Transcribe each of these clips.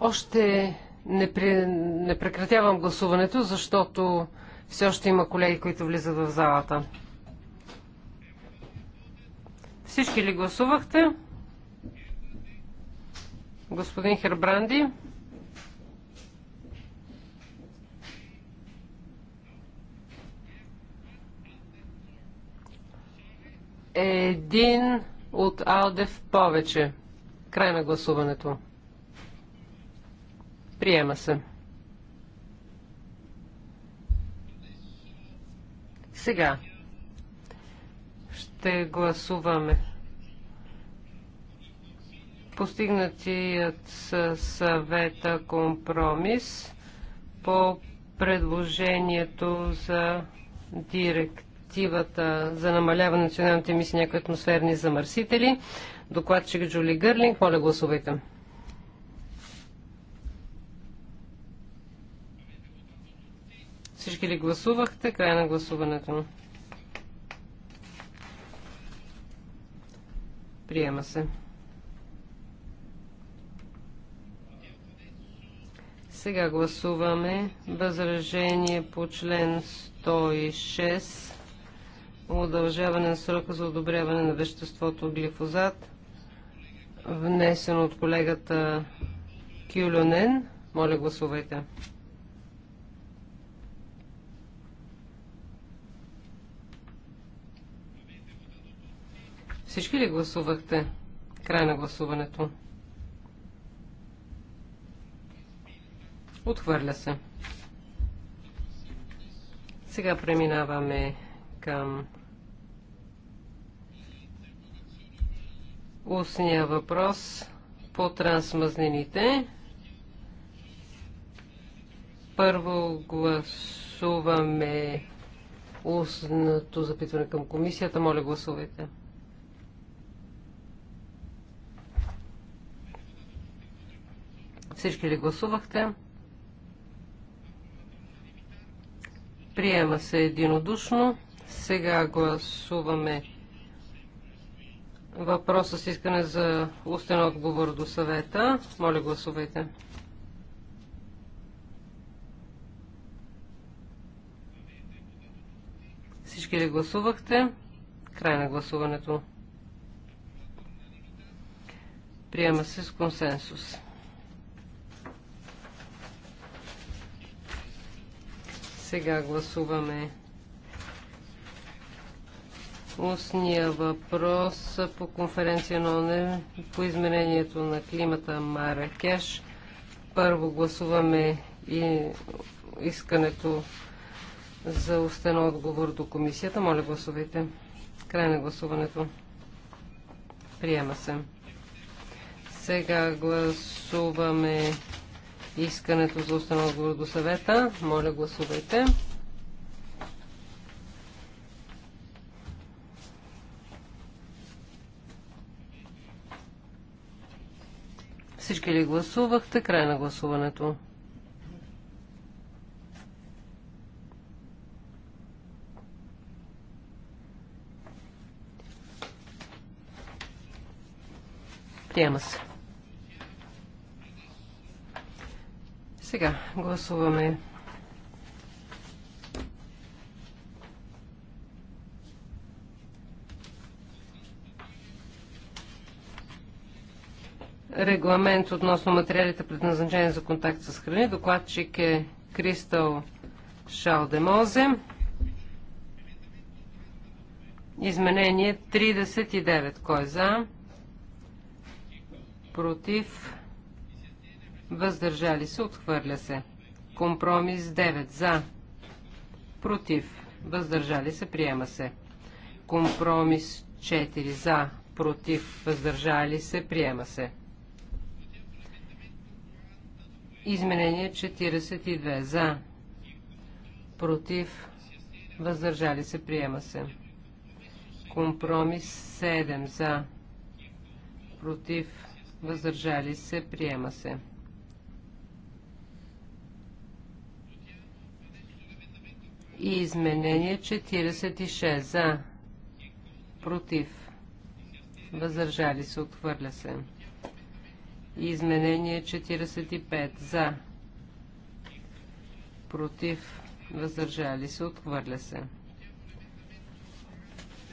Още не, при... не прекратявам гласуването, защото все още има колеги, които влизат в залата. Всички ли гласувахте? Господин Хербранди. Един от Алдев повече. Край на гласуването. Приема се. Сега ще гласуваме постигнатият със съвета компромис по предложението за директивата за намаляване на националните емисии някои атмосферни замърсители. Докладчик Джули Гърлинг, моля гласувайте. Всички ли гласувахте? Край на гласуването. Приема се. Сега гласуваме възражение по член 106 удължаване на срока за одобряване на веществото глифозат, внесен от колегата Кюлюнен. Моля, гласувайте. Всички ли гласувахте? Край на гласуването. Отхвърля се. Сега преминаваме към устния въпрос по трансмазнините. Първо гласуваме устното запитване към комисията. Моля, гласувайте. Всички ли гласувахте? Приема се единодушно. Сега гласуваме въпроса с искане за устен отговор до съвета. Моля, гласувайте. Всички ли гласувахте? Край на гласуването. Приема се с консенсус. Сега гласуваме устния въпрос по конференция на ОНЕ по изменението на климата Маракеш. Първо гласуваме и искането за устен отговор до комисията. Моля гласувайте. Край на гласуването. Приема се. Сега гласуваме искането за установ до съвета. Моля, гласувайте. Всички ли гласувахте? Край на гласуването. Приема се. Сега гласуваме регламент относно материалите предназначени за контакт с храни. Докладчик е Кристал Шалдемозе. Изменение 39. Кой е за? Против? въздържали се, отхвърля се. Компромис 9 за, против, въздържали се, приема се. Компромис 4 за, против, въздържали се, приема се. Изменение 42 за, против, въздържали се, приема се. Компромис 7 за, против, въздържали се, приема се. И изменение 46 за, против, въздържали се, отхвърля се. И изменение 45 за, против, въздържали се, отхвърля се.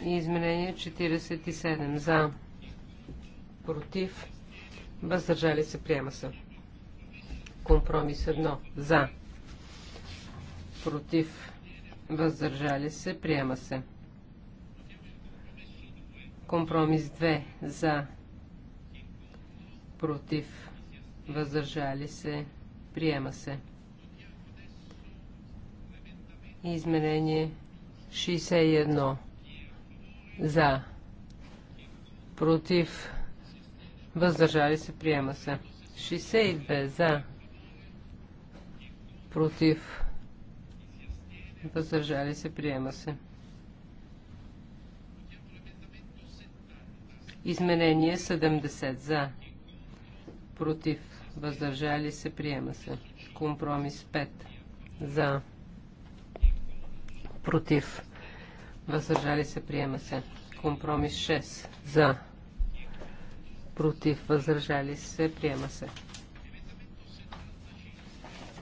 И изменение 47 за, против, въздържали се, приема се. Компромис 1 за, против, въздържали се, приема се. Компромис 2 за, против, въздържали се, приема се. Изменение 61 за, против, въздържали се, приема се. 62 за, против, въздържали се, приема се. Изменение 70 за, против, въздържали се, приема се. Компромис 5 за, против, въздържали се, приема се. Компромис 6 за, против, въздържали се, приема се.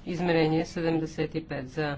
Измерение 75 за,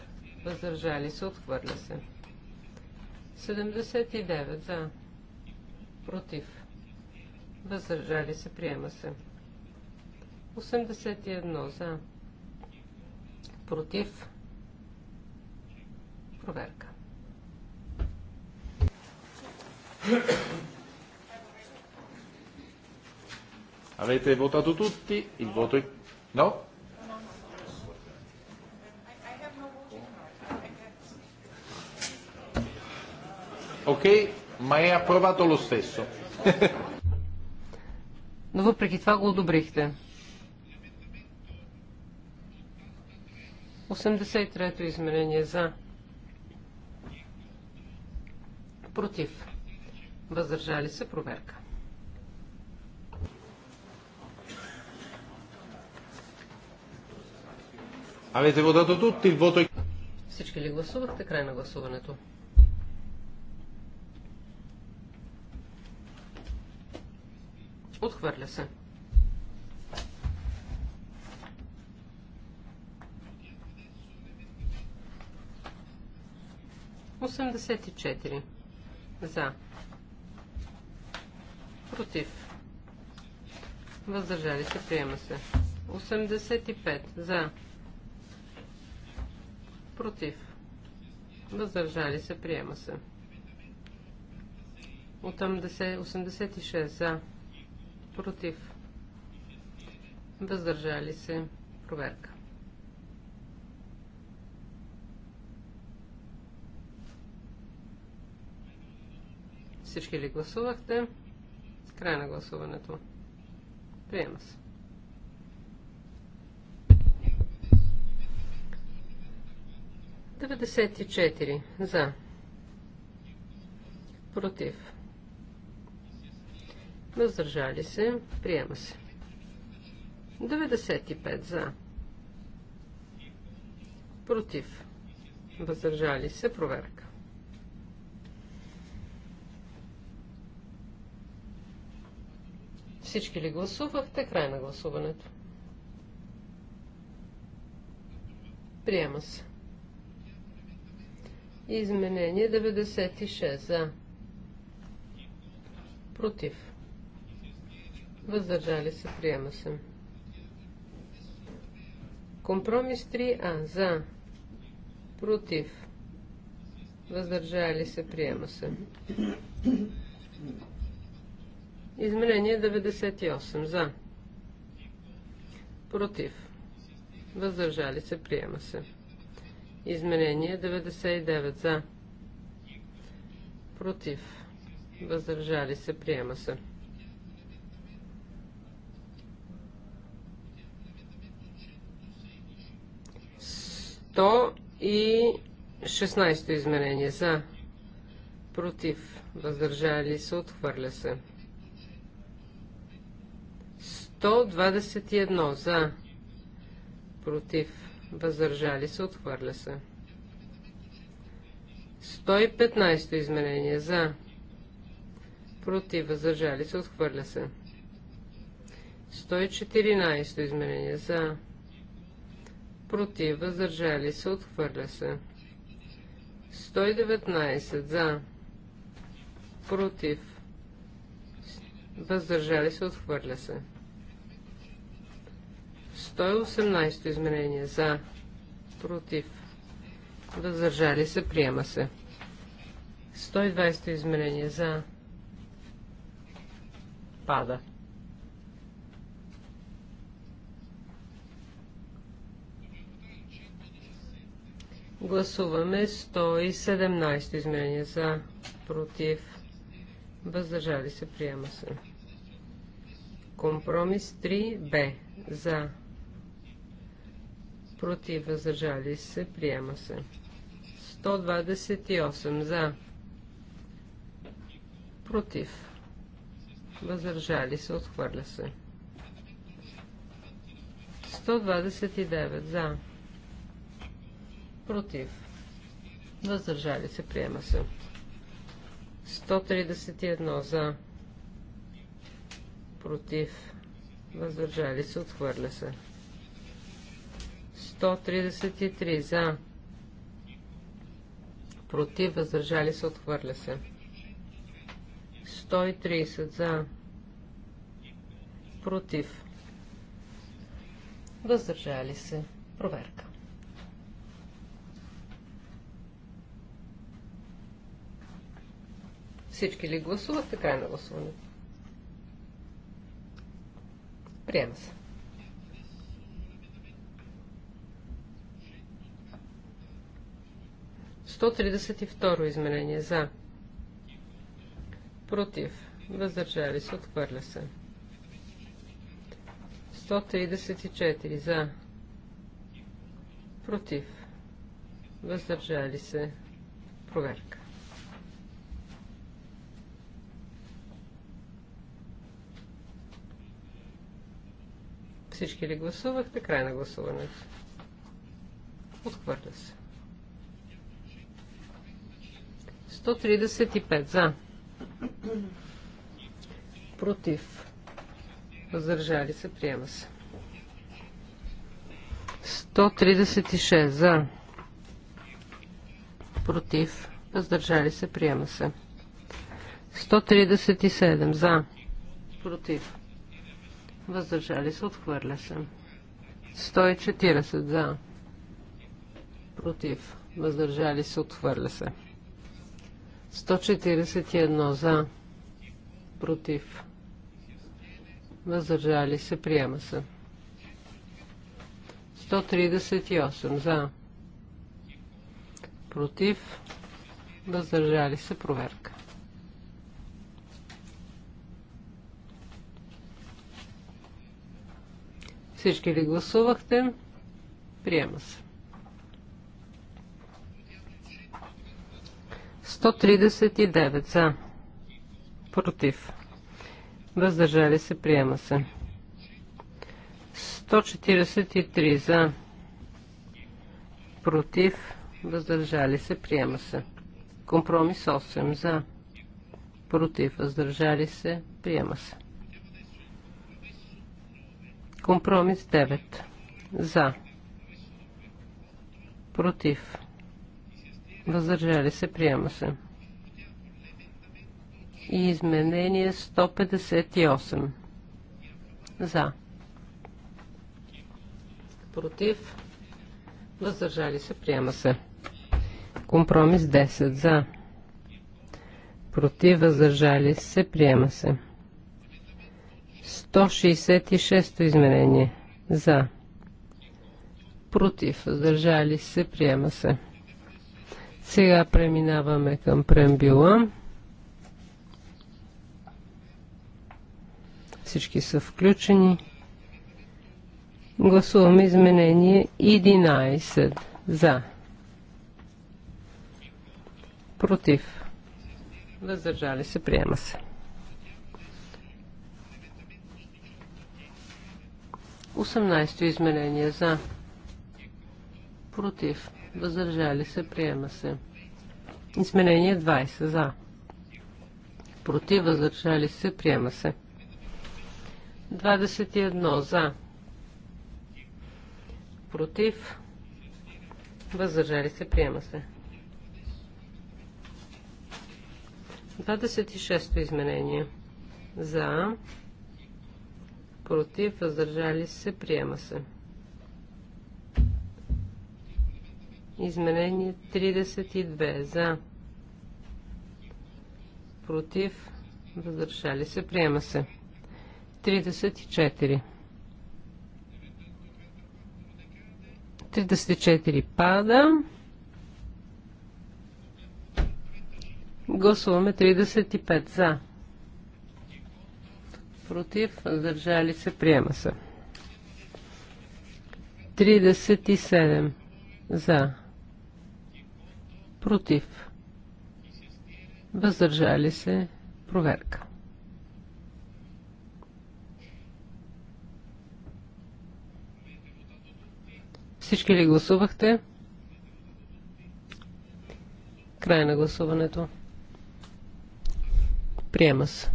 въздържали се, отхвърля се. 79 за, против, въздържали се, приема се. 81 за, против, проверка. Avete votato tutti? Il voto è... No? Ok, ma è approvato lo stesso. Но въпреки това го одобрихте. 83-то изменение за. Против. Въздържали се проверка. Avete votato tutti il voto? Всички ли гласувахте край на гласуването? Отхвърля се. Осемдесет и четири. За. Против. Въздържали се. Приема се. 85. За. Против. Въздържали се. Приема се. 86. За. Против. Въздържали се. Проверка. Всички ли гласувахте? Край на гласуването. Приема се. Деветдесет и четири. За. Против. Въздържали се. Приема се. 95 за. Против. Въздържали се. Проверка. Всички ли гласувахте? Край на гласуването. Приема се. Изменение 96 за. Против въздържали се, приема се. Компромис 3А за, против, въздържали се, приема се. Изменение 98 за, против, въздържали се, приема се. Изменение 99 за, против, въздържали се, приема се. 116 измерение за, против, въздържали се, отхвърля се. 121 за, против, въздържали се, отхвърля се. 115 измерение за, против, въздържали се, отхвърля се. 114 измерение за, против, въздържали се, отхвърля се. 119 за, против, въздържали се, отхвърля се. 118 изменение за, против, въздържали се, приема се. 120 изменение за, пада. 121 Гласуваме 117 изменения за, против, въздържали се, приема се. Компромис 3Б за, против, въздържали се, приема се. 128 за, против, въздържали се, отхвърля се. 129 за, Против. Въздържали се. Приема се. 131 за. Против. Въздържали се. Отхвърля се. 133 за. Против. Въздържали се. Отхвърля се. 130 за. Против. Въздържали се. Проверка. Всички ли гласуват, така е на гласуване. Приема се. Сто тридесет и второ изменение. За. Против. Въздържали се. Отхвърля се. 134 за. Против. Въздържали се. Проверка. Всички ли гласувахте? Край на гласуването. Отхвърля се. 135 за. Против. Въздържали се. Приема се. 136 за. Против. Въздържали се. Приема се. 137 за. Против въздържали се, отхвърля се. 140 за, против, въздържали се, отхвърля се. 141 за, против, въздържали се, приема се. 138 за, против, въздържали се, проверка. Всички ли гласувахте? Приема се. 139 за. Против. Въздържали се. Приема се. 143 за. Против. Въздържали се. Приема се. Компромис 8 за. Против. Въздържали се. Приема се. Компромис 9. За. Против. Въздържали се. Приема се. И изменение 158. За. Против. Въздържали се. Приема се. Компромис 10. За. Против. Въздържали се. Приема се. 166 изменение. За. Против. Въздържали се. Приема се. Сега преминаваме към прембюла. Всички са включени. Гласуваме изменение 11 за. Против. Въздържали се. Приема се. 18 изменение за. Против. Въздържали се. Приема се. Изменение 20 за. Против. Въздържали се. Приема се. 21 за. Против. Въздържали се. Приема се. 26 изменение. За против, въздържали се, приема се. Изменение 32 за против, въздържали се, приема се. 34 34 пада. Гласуваме 35 за против, въздържали се, приема се. 37 за, против, въздържали се, проверка. Всички ли гласувахте? Край на гласуването. Приема се.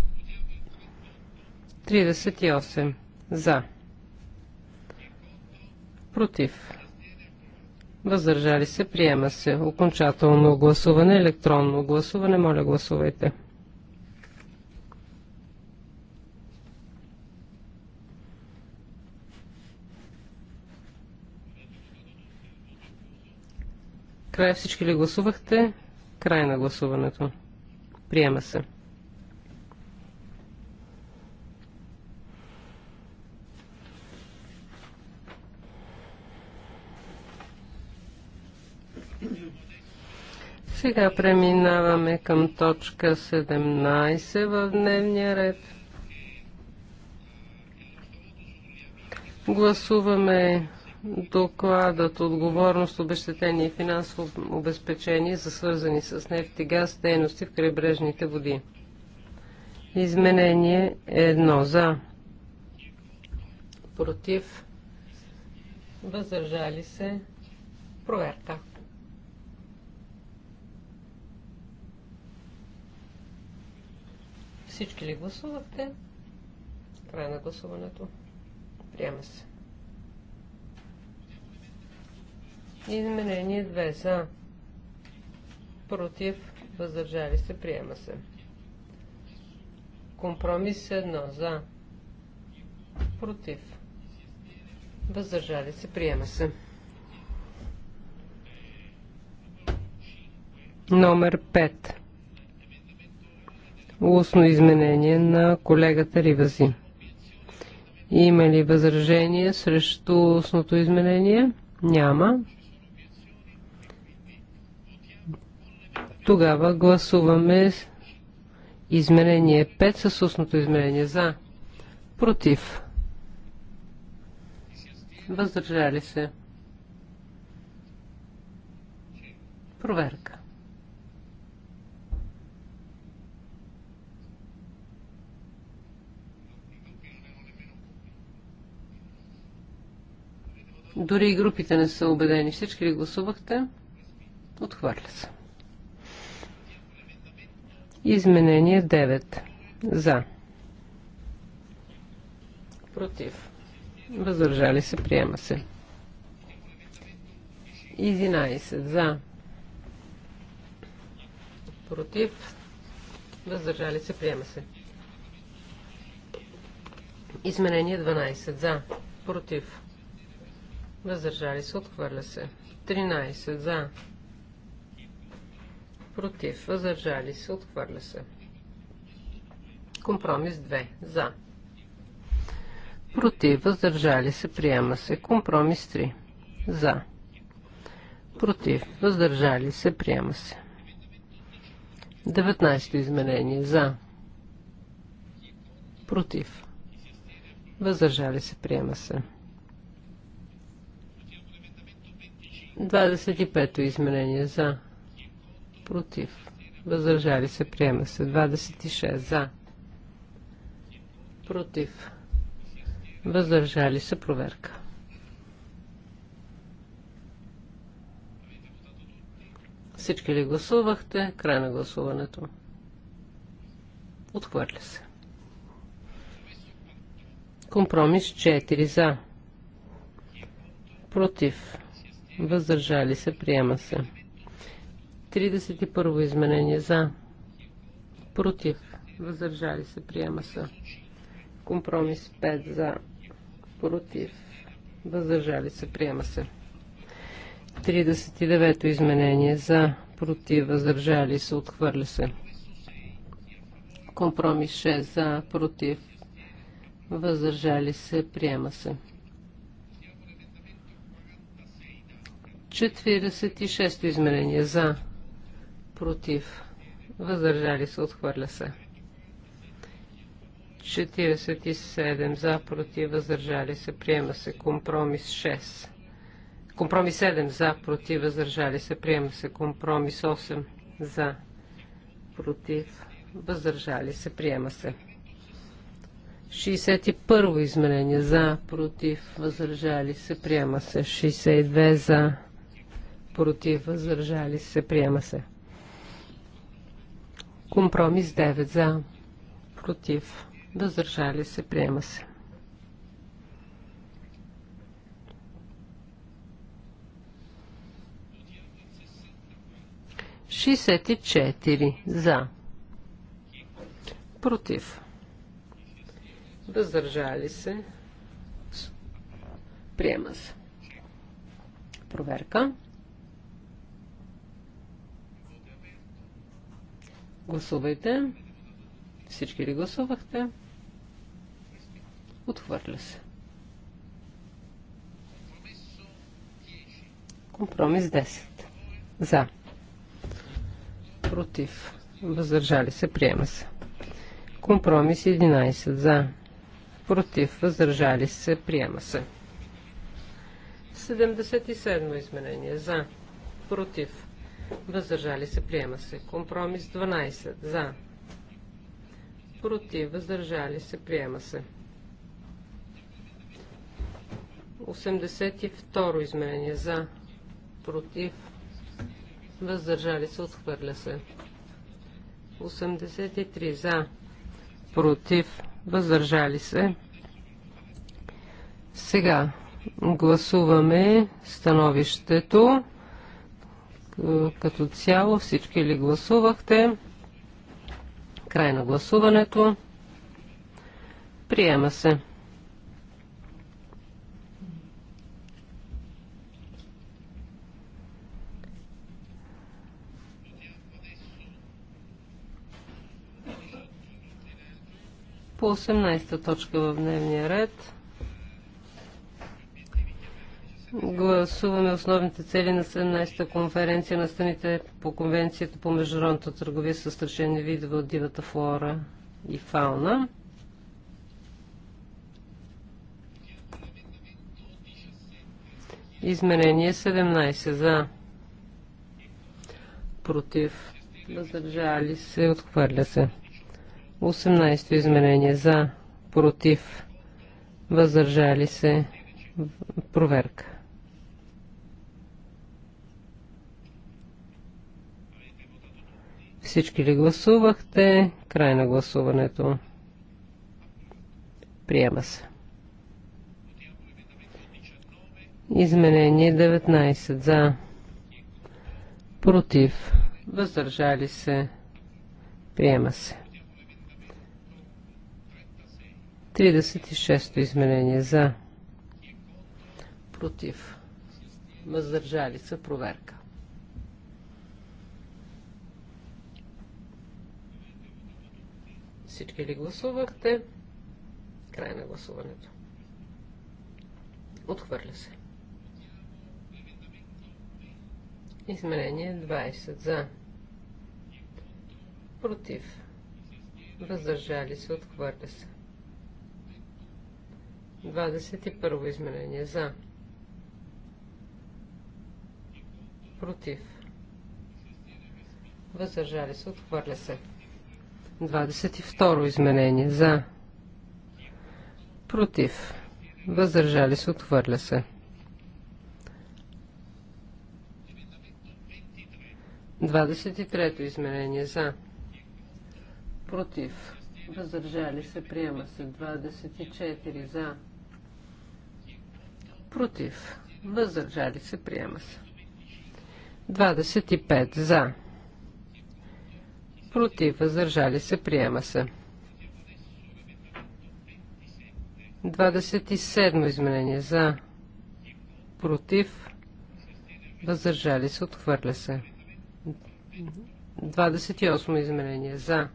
38. За. Против. Въздържали се. Приема се. Окончателно гласуване. Електронно гласуване. Моля, гласувайте. Край всички ли гласувахте? Край на гласуването. Приема се. Сега преминаваме към точка 17 в дневния ред. Гласуваме докладът отговорност, обещетение и финансово обезпечение за свързани с нефт и газ дейности в крайбрежните води. Изменение е едно за. Против. Въздържали се. Проверка. Всички ли гласувахте? Край на гласуването. Приема се. Изменение 2 за. Против. Въздържали се. Приема се. Компромис 1 за. Против. Въздържали се. Приема се. Номер 5 устно изменение на колегата Ривази. Има ли възражение срещу устното изменение? Няма. Тогава гласуваме изменение 5 с устното изменение. За. Против. Въздържали се. Проверка. Дори и групите не са убедени. Всички ли гласувахте? Отхвърля се. Изменение 9. За. Против. Въздържали се. Приема се. 11. За. Против. Въздържали се. Приема се. Изменение 12. За. Против. Въздържали се. Отхвърля се. 13 за. Против. Въздържали се. Отхвърля се. Компромис 2 за. Против. Въздържали се. Приема се. Компромис 3 за. Против. Въздържали се. Приема се. 19 изменение за. Против. Въздържали се. Приема се. 25-то изменение за. Против. Въздържали се. Приема се. 26 за. Против. Въздържали се. Проверка. Всички ли гласувахте? Край на гласуването. Отхвърля се. Компромис 4 за. Против въздържали се, приема се. 31 изменение за, против, въздържали се, приема се. Компромис 5 за, против, въздържали се, приема се. 39 изменение за, против, въздържали се, отхвърля се. Компромис 6 за, против, въздържали се, приема се. 46 измерение за, против, въздържали се, отхвърля се. 47 за, против, въздържали се, приема се. Компромис 6. Компромис 7 за, против, въздържали се, приема се. Компромис 8 за, против, въздържали се, приема се. 61 измерение, за, против, въздържали се, приема се. 62 за, против, въздържали се, приема се. Компромис 9 за, против, въздържали се, приема се. Шестдесет и четири за, против, въздържали се, приема се. Проверка. Гласувайте. Всички ли гласувахте? Отхвърля се. Компромис 10. За. Против. Въздържали се. Приема се. Компромис 11. За. Против. Въздържали се. Приема се. 77 изменение. За. Против въздържали се, приема се. Компромис 12 за, против, въздържали се, приема се. 82 изменение за, против, въздържали се, отхвърля се. 83 за, против, въздържали се. Сега гласуваме становището. Е, като цяло. Всички ли гласувахте? Край на гласуването. Приема се. По 18 точка в дневния ред. гласуваме основните цели на 17-та конференция на страните по Конвенцията по международната търговия с страшени видове от дивата флора и фауна. Изменение 17 за против въздържали се отхвърля се 18 изменение за против въздържали се проверка Всички ли гласувахте? Край на гласуването. Приема се. Изменение 19 за. Против. Въздържали се. Приема се. 36-то изменение за. Против. Въздържали се. Проверка. Всички ли гласувахте? Край на гласуването. Отхвърля се. Измерение 20 за. Против. Въздържали се. Отхвърля се. 21 измерение за. Против. Въздържали се. Отхвърля се. 22 изменение. За. Против. Въздържали се. отвърля се. 23 изменение. За. Против. Въздържали се. Приема се. 24. За. Против. Въздържали се. Приема се. 25. За против, въздържали се, приема се. 27 изменение за, против, въздържали се, отхвърля се. 28 изменение за,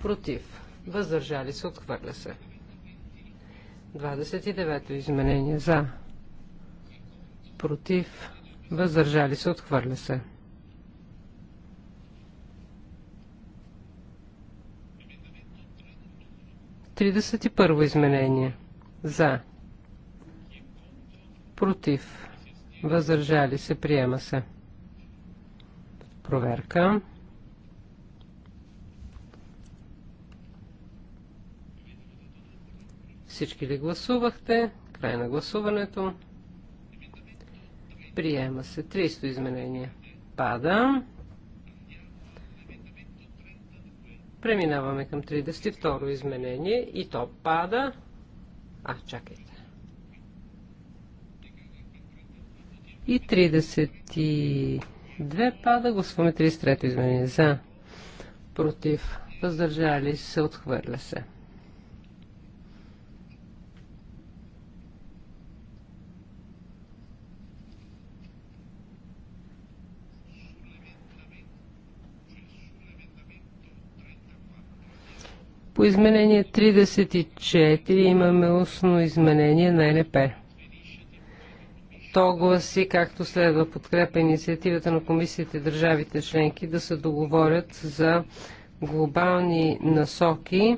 против, въздържали се, отхвърля се. 29 изменение за, против, въздържали се, отхвърля се. 31 изменение. За. Против. Въздържали се. Приема се. Проверка. Всички ли гласувахте? Край на гласуването. Приема се. 300 изменение. Пада. Преминаваме към 32-ро изменение и то пада. А, чакайте. И 32 пада. Гласуваме 33-то изменение. За. Против. Въздържали се. Отхвърля се. По изменение 34 имаме устно изменение на НП. То гласи, както следва, подкрепа инициативата на комисията и държавите членки да се договорят за глобални насоки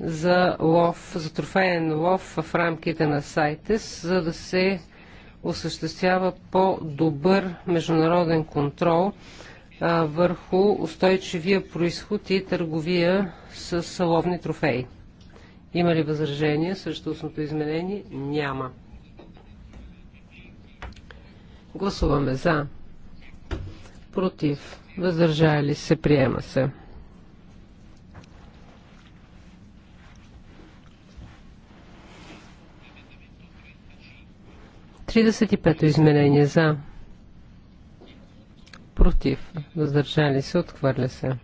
за лов, за трофеен лов в рамките на сайтес, за да се осъществява по-добър международен контрол върху устойчивия происход и търговия с саловни трофеи. Има ли възражение срещу устното изменение? Няма. Гласуваме за. Против. Въздържали се. Приема се. Тридесет и пето изменение за против, въздържали се, отхвърля се.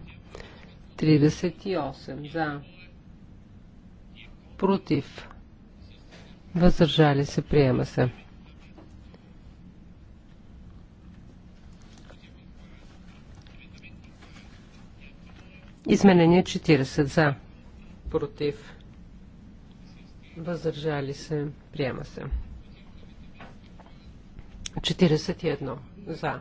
38 за, против, въздържали се, приема се. Изменение 40 за, против, въздържали се, приема се. 41 за,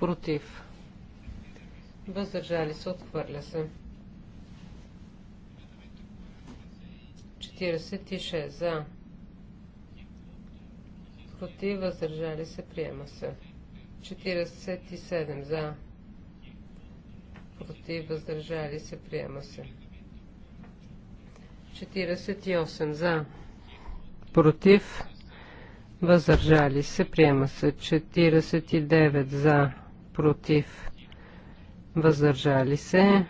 против, въздържали се, отхвърля се. 46 за, против, въздържали се, приема се. 47 за, против, въздържали се, приема се. 48 за, против, въздържали се, приема се. 49 за, против, въздържали се.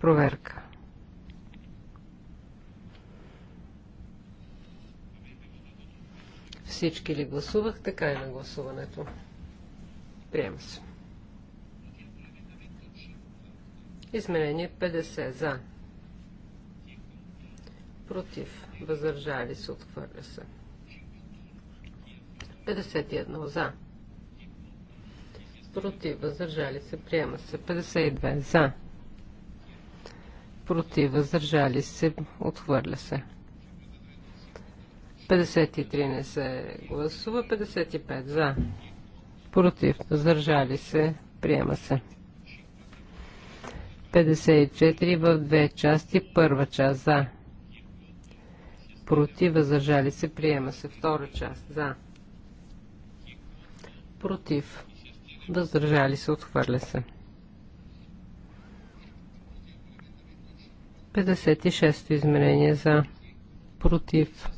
Проверка. Всички ли гласувах? Така е на гласуването. Приема се. Изменение 50 за. Против. Въздържали се. Отхвърля се. 51 за против, въздържали се, приема се. 52 за, против, въздържали се, отхвърля се. 53 не се гласува, 55 за, против, въздържали се, приема се. 54 в две части, първа част за, против, въздържали се, приема се, втора част за, против, Въздържали се, отхвърля се. 56-то изменение за против.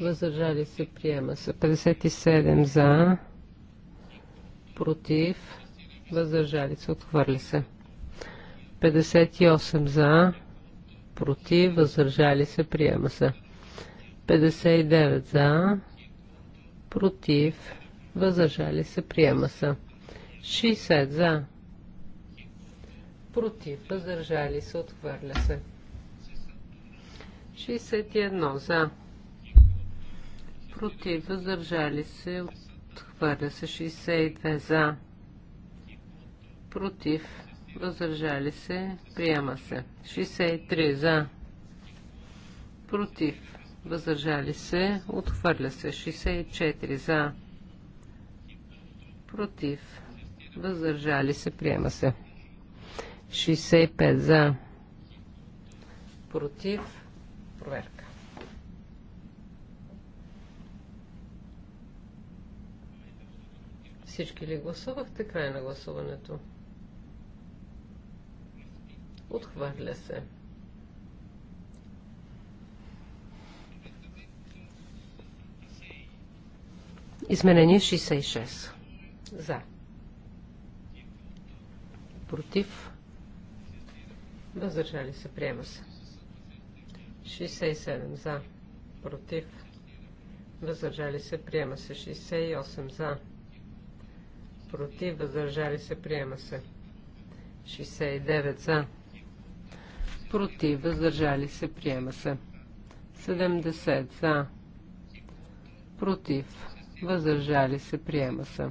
Въздържали се, приема се. 57 за против. Въздържали се, отхвърли се. 58 за против. Въздържали се, приема се. 59 за против въздържали се, приема се. 60 за, против, въздържали се, отхвърля се. 61 за, против, въздържали се, отхвърля се. 62 за, против, въздържали се, приема се. 63 за, против, въздържали се, отхвърля се. 64 за, против, въздържали се, приема се. 65 за, против, проверка. Всички ли гласувахте край на гласуването? Отхвърля се. Изменение 66. За. Против. Въздържали се. Приема се. 67 за. Против. Въздържали се. Приема се. 68 за. Против. Въздържали се. Приема се. 69 за. Против. Въздържали се. Приема се. 70 за. Против. Въздържали се. Приема се.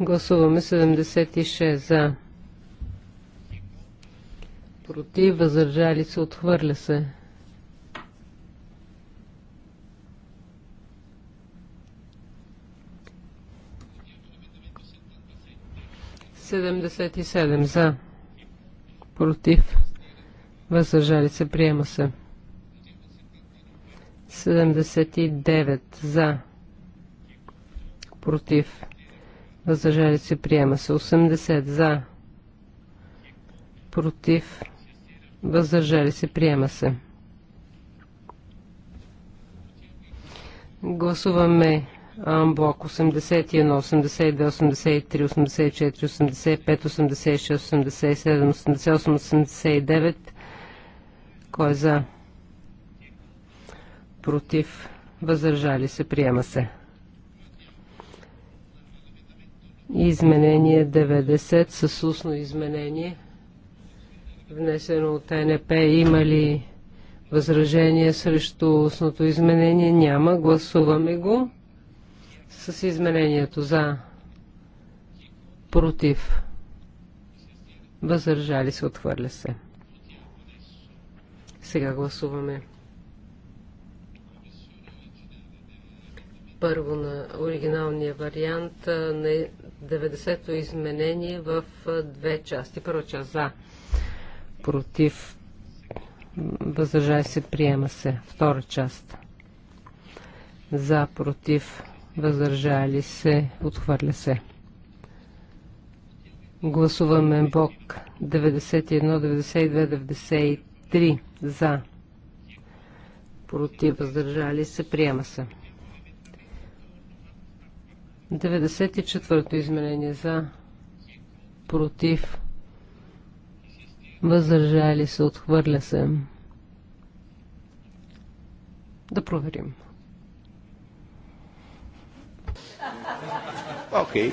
Гласуваме 76 за. Против, въздържали се, отхвърля се. Седемдесет и седем за. Против. Въздържали се. Приема се. 79 за. Против. Въздържали се приема се 80 за. Против. Въздържали се приема се. Гласуваме Амблок 81, 82, 83, 84, 85, 86, 87, 88, 89. Кой е за? Против. Въздържали се. Приема се. Изменение 90 с устно изменение, внесено от НП. Има ли възражение срещу устното изменение? Няма. Гласуваме го с изменението за против. Възражали се, отхвърля се. Сега гласуваме първо на оригиналния вариант на 90-то изменение в две части. Първа част за, против, въздържали се, приема се. Втора част за, против, въздържали се, отхвърля се. Гласуваме Бог 91, 92, 93 за, против, въздържали се, приема се. 94-то изменение за, против, въздържали се, отхвърля се. Да проверим. Окей. Okay.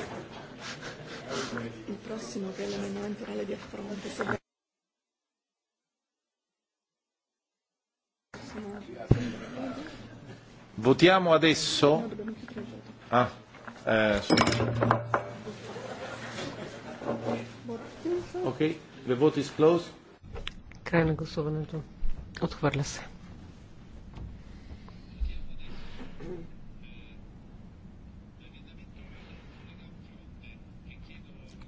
Votiamo adesso. Ah. Uh, Край на гласуването. Отхвърля се.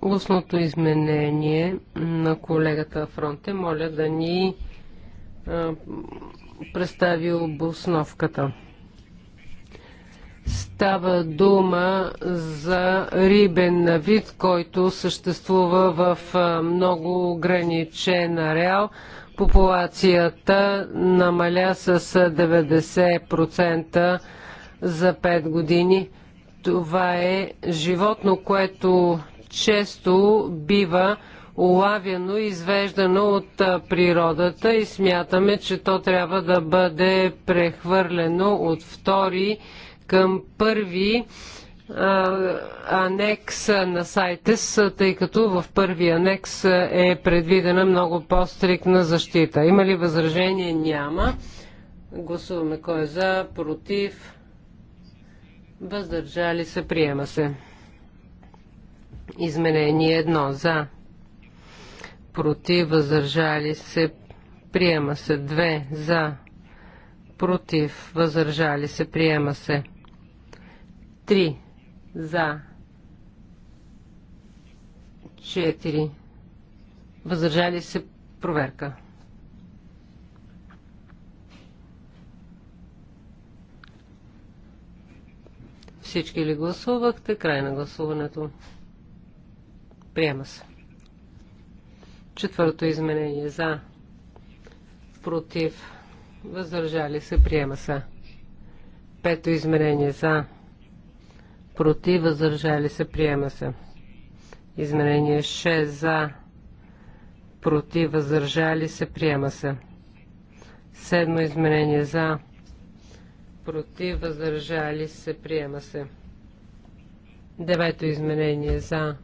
устното изменение на колегата Фронте. Моля да ни а, представи обосновката. Става дума за рибен вид, който съществува в много ограничен ареал. Популацията намаля с 90% за 5 години. Това е животно, което често бива улавяно и извеждано от природата и смятаме, че то трябва да бъде прехвърлено от втори към първи анекс на сайта, тъй като в първи анекс е предвидена много по-стрикна защита. Има ли възражение? Няма. Гласуваме кой е за, против, въздържали се, приема се. Изменение едно за, против, въздържали се, приема се. Две за, против, въздържали се, приема се. 3 за 4 въздържали се проверка. Всички ли гласувахте? Край на гласуването. Приема се. Четвърто изменение за против въздържали се приема се. Пето изменение за против, въздържали се, приема се. Изменение 6 за, против, въздържали се, приема се. Седмо изменение за, против, въздържали се, приема се. Девето изменение за,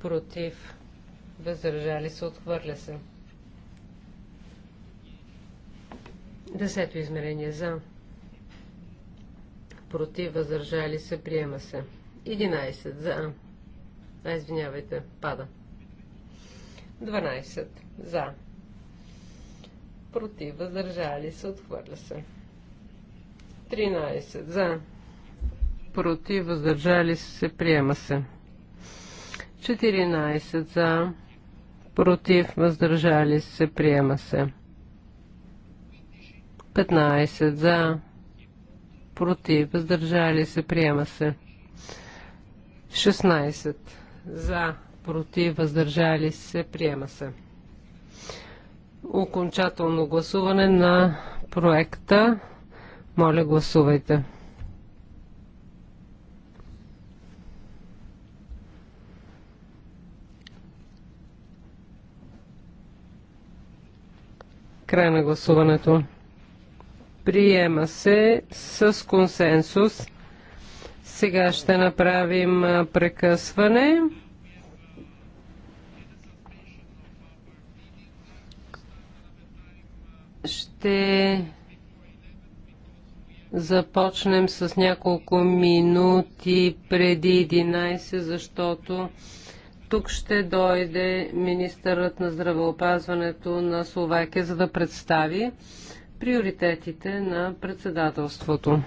против, въздържали се, отхвърля се. Десето измерение за против, въздържали се, приема се. 11 за. А, извинявайте, пада. 12 за. Против, въздържали се, отхвърля се. 13 за. Против, въздържали се, приема се. 14 за. Против, въздържали се, приема се. 15 за против, въздържали се, приема се. 16 за, против, въздържали се, приема се. Окончателно гласуване на проекта. Моля, гласувайте. Край на гласуването. Приема се с консенсус. Сега ще направим прекъсване. Ще започнем с няколко минути преди 11, защото тук ще дойде министърът на здравеопазването на Словакия, за да представи приоритетите на председателството.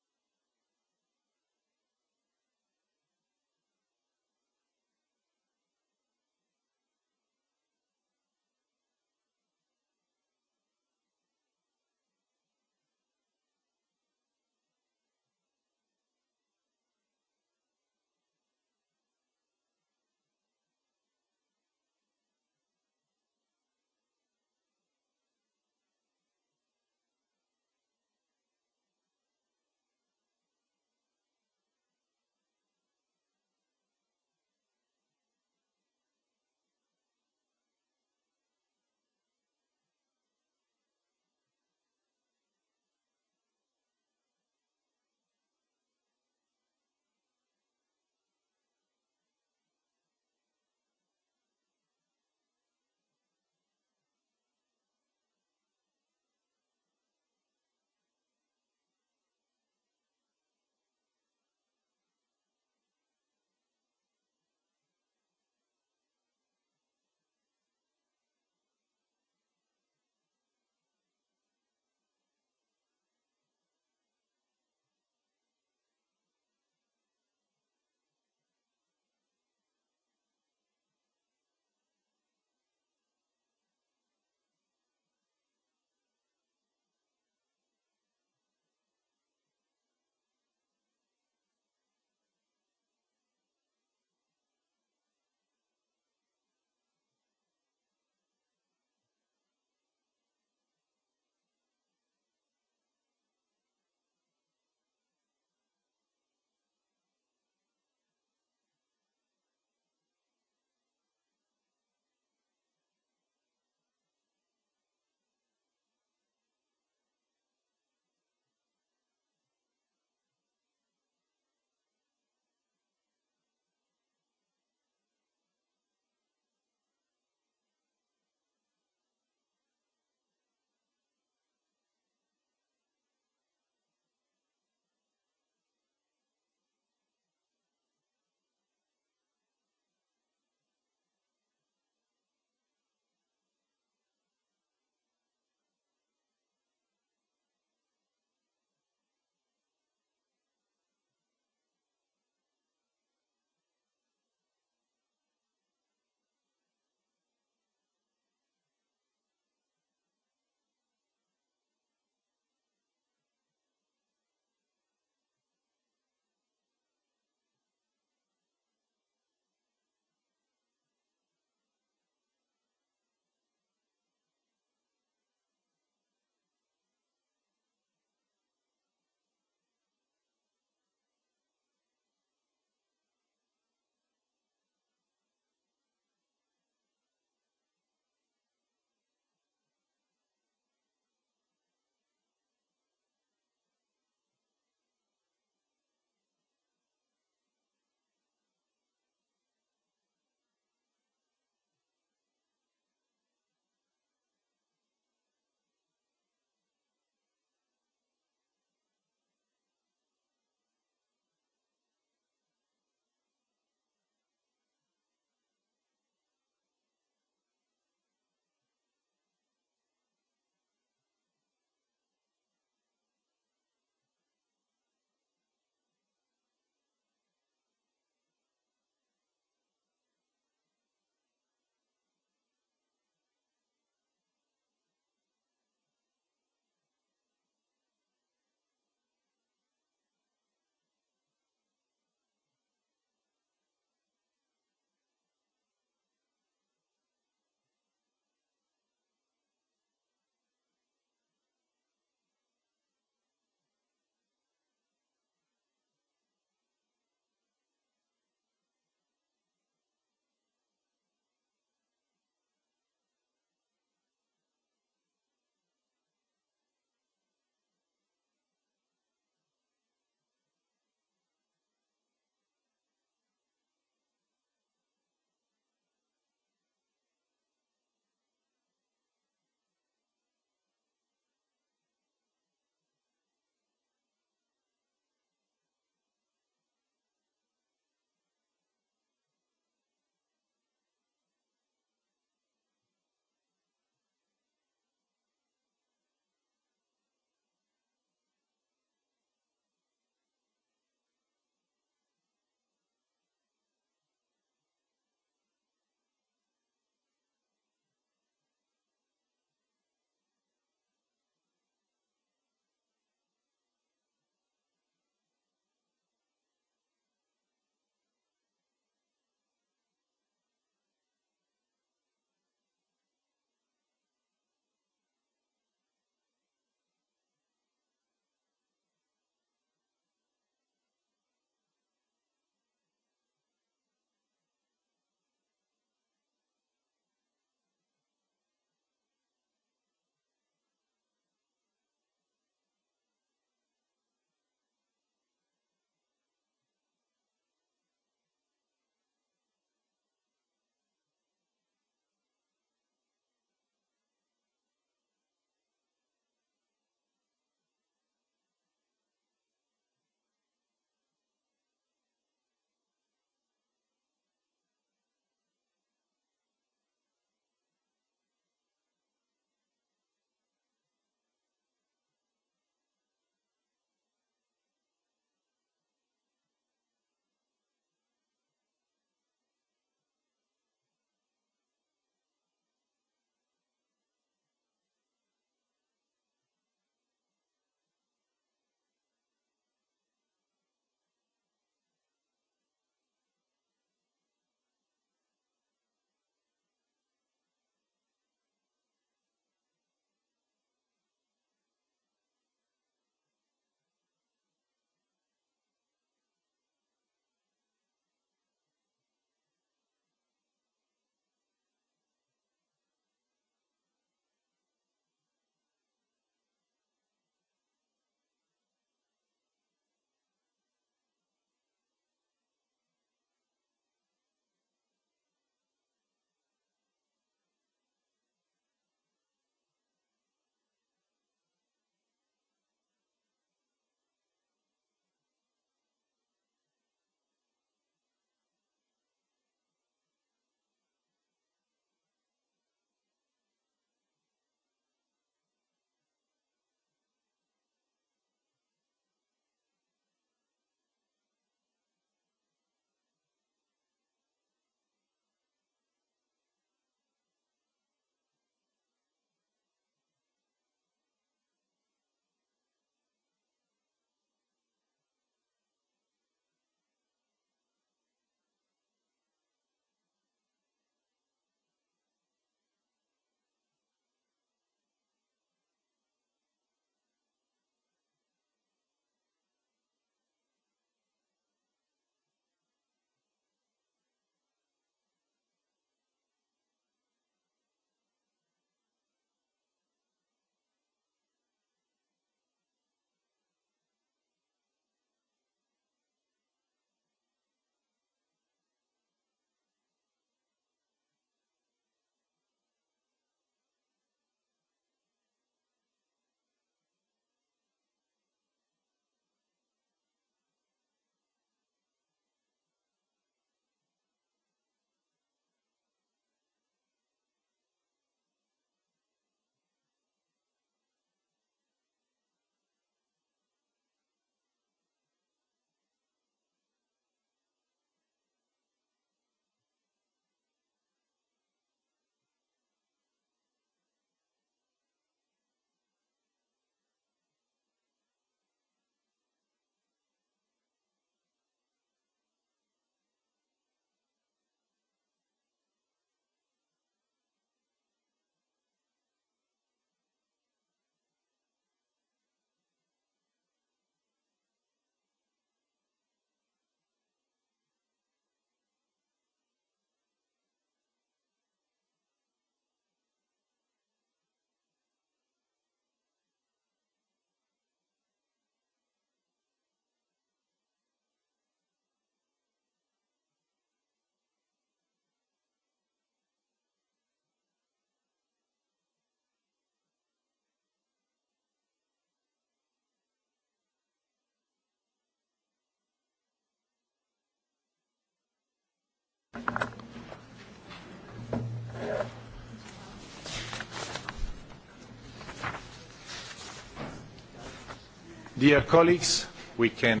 Can...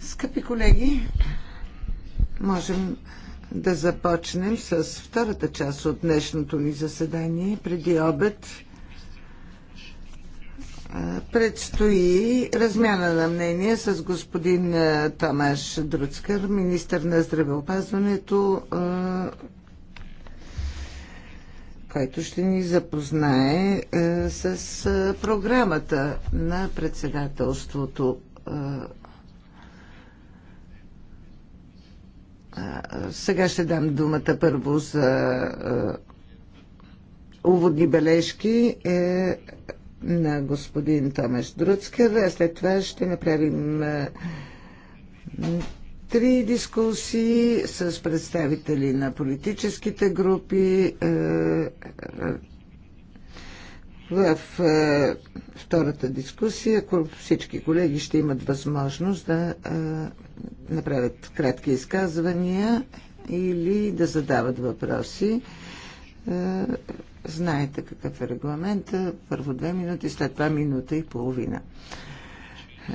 Скъпи колеги, можем да започнем с втората част от днешното ни заседание преди обед. Предстои размяна на мнение с господин Тамаш Друцкър, министър на здравеопазването, който ще ни запознае с програмата на председателството. Сега ще дам думата първо за уводни бележки. Е, на господин Томаш Друцкер, а след това ще направим три дискусии с представители на политическите групи в втората дискусия, ако всички колеги ще имат възможност да направят кратки изказвания или да задават въпроси. Знаете какъв е регламента. Първо две минути, след това минута и половина.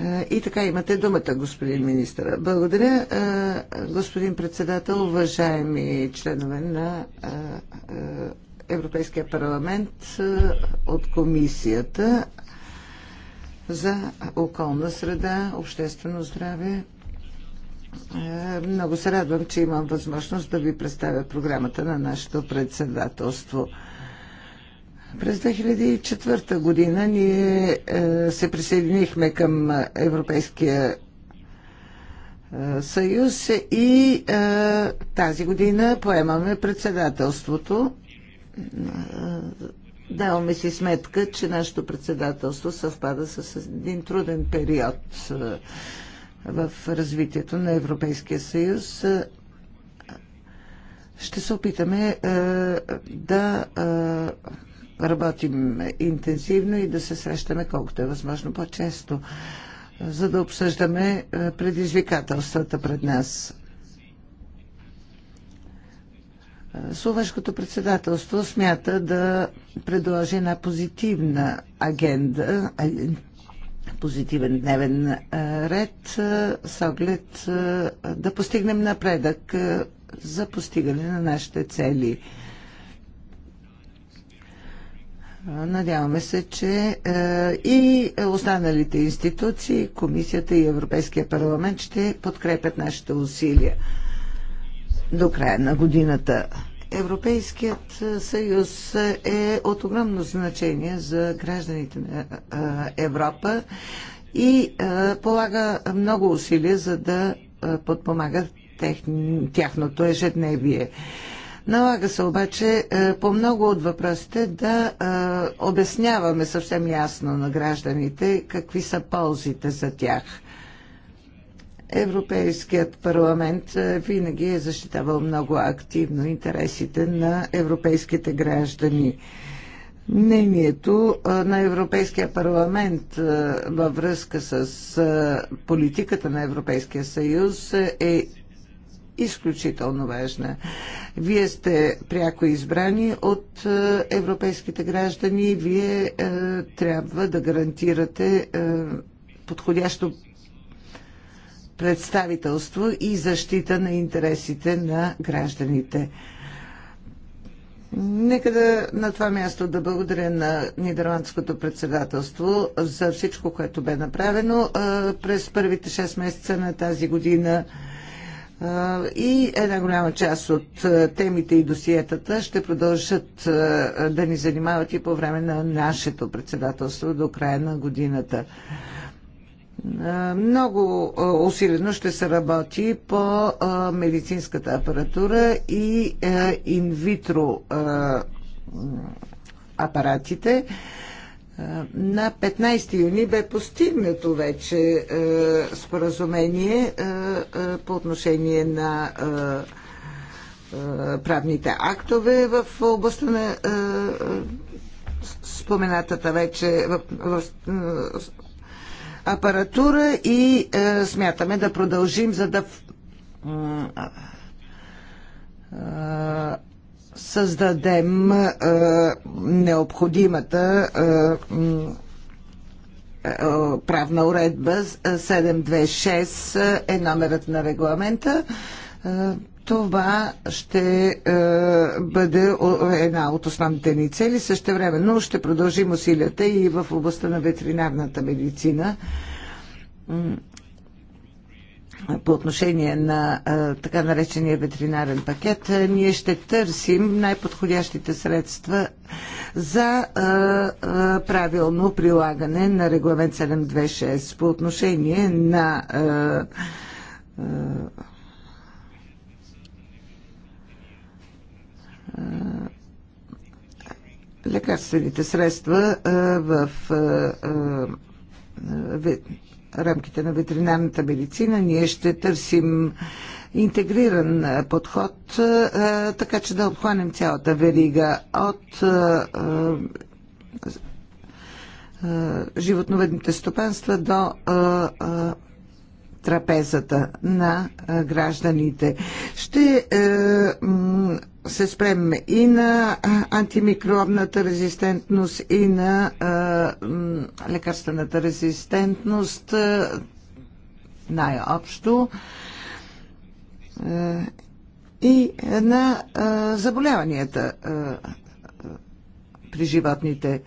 Е, и така имате думата, господин министър. Благодаря, е, господин председател, уважаеми членове на е, Европейския парламент от комисията за околна среда, обществено здраве. Много се радвам, че имам възможност да ви представя програмата на нашето председателство. През 2004 година ние е, се присъединихме към Европейския е, съюз и е, тази година поемаме председателството. Даваме си сметка, че нашето председателство съвпада с един труден период в развитието на Европейския съюз. Ще се опитаме да работим интенсивно и да се срещаме колкото е възможно по-често, за да обсъждаме е, предизвикателствата пред нас. Словашкото председателство смята да предложи една позитивна агенда, позитивен дневен е, ред е, с оглед да постигнем напредък за постигане на нашите цели – Надяваме се, че е, и останалите институции, Комисията и Европейския парламент ще подкрепят нашите усилия до края на годината. Европейският съюз е от огромно значение за гражданите на е, Европа и е, полага много усилия за да подпомага тяхното ежедневие. Налага се обаче е, по много от въпросите да е, обясняваме съвсем ясно на гражданите какви са ползите за тях. Европейският парламент е, винаги е защитавал много активно интересите на европейските граждани. Мнението на Европейския парламент във връзка с политиката на Европейския съюз е изключително важна. Вие сте пряко избрани от е, европейските граждани и вие е, трябва да гарантирате е, подходящо представителство и защита на интересите на гражданите. Нека да на това място да благодаря на Нидерландското председателство за всичко, което бе направено през първите 6 месеца на тази година и една голяма част от темите и досиетата ще продължат да ни занимават и по време на нашето председателство до края на годината. Много усилено ще се работи по медицинската апаратура и инвитро апаратите. На 15 юни бе постигнато вече е, споразумение е, е, по отношение на правните актове в областта на споменатата вече в, апаратура и смятаме да продължим, за да създадем необходимата правна уредба 726 е номерът на регламента. Това ще е, бъде една от основните ни цели. Също време, но ще продължим усилията и в областта на ветеринарната медицина по отношение на така наречения ветеринарен пакет, ние ще търсим най-подходящите средства за правилно прилагане на регламент 726 по отношение на лекарствените средства в рамките на ветеринарната медицина ние ще търсим интегриран подход, така че да обхванем цялата верига от животноведните стопанства до трапезата на гражданите. Ще е, се спрем и на антимикробната резистентност, и на лекарствената резистентност най-общо е, и на заболяванията при животните.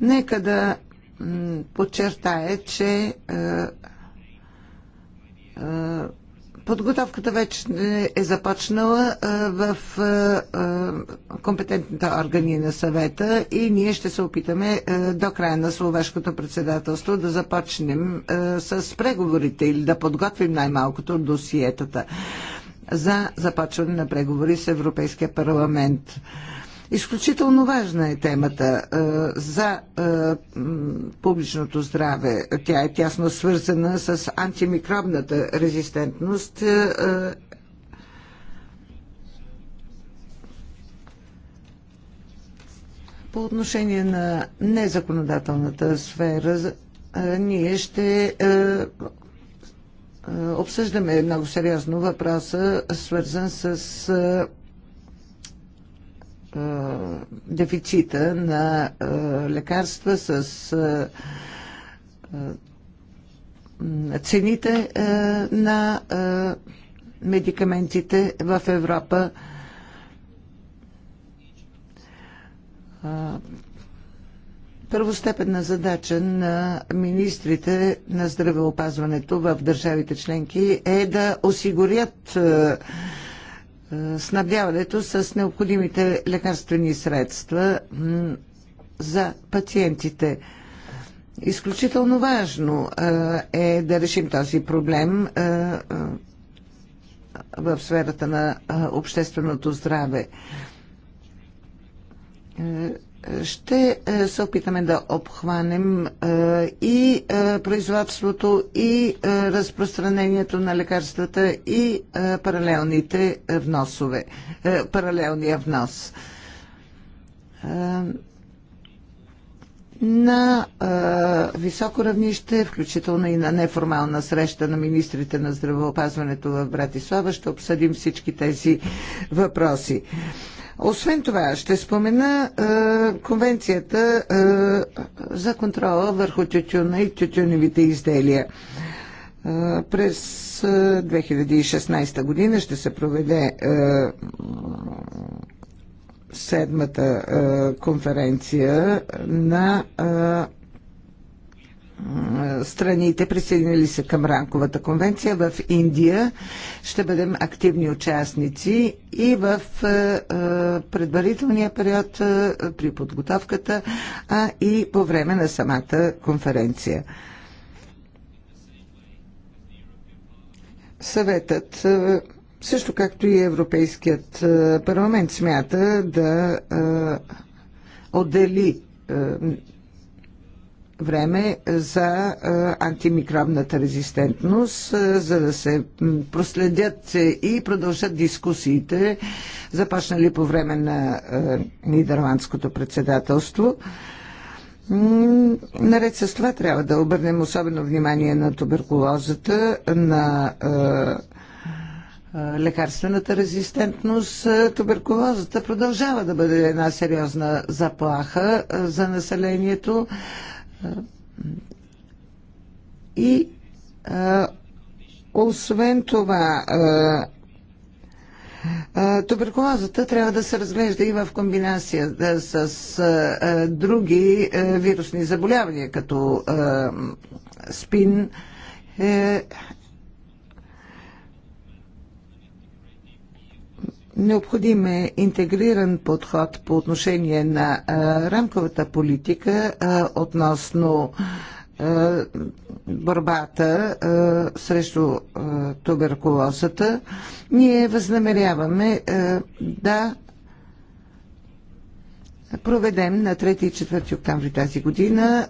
Нека да подчертая, че е, Подготовката вече е започнала в компетентните органи на съвета и ние ще се опитаме до края на словешкото председателство да започнем с преговорите или да подготвим най-малкото досиетата за започване на преговори с Европейския парламент. Изключително важна е темата за публичното здраве. Тя е тясно свързана с антимикробната резистентност По отношение на незаконодателната сфера, ние ще обсъждаме много сериозно въпроса, свързан с е, дефицита на е, лекарства с е, цените на медикаментите в Европа. Първостепенна задача на министрите на здравеопазването в държавите членки е да осигурят е, снабдяването с необходимите лекарствени средства за пациентите. Изключително важно е, е да решим този проблем е, в сферата на общественото здраве ще е, се опитаме да обхванем е, и е, производството, и разпространението на лекарствата, и паралелните вносове, паралелния внос. На високо равнище, включително и на неформална среща на министрите на здравеопазването в Братислава, ще обсъдим всички тези въпроси. Освен това, ще спомена е, конвенцията е, за контрола върху тютюна и тютюневите изделия. Е, през 2016 е, година ще се проведе е, седмата е, конференция на е, страните, присъединили се към Ранковата конвенция в Индия. Ще бъдем активни участници и в е, е, предварителния период е, при подготовката, а и по време на самата конференция. Съветът също както и Европейският парламент смята да отдели време за е, антимикробната резистентност, е, за да се проследят е, и продължат дискусиите, започнали по време на нидерландското председателство. Наред с това трябва да обърнем особено внимание на туберкулозата, на лекарствената резистентност. Туберкулозата продължава да бъде една сериозна заплаха за населението. И освен това, Туберкулозата трябва да се разглежда и в комбинация с други вирусни заболявания, като спин е, Необходим е интегриран подход по отношение на рамковата политика относно борбата срещу туберкулозата. Ние възнамеряваме да проведем на 3 и 4 октомври тази година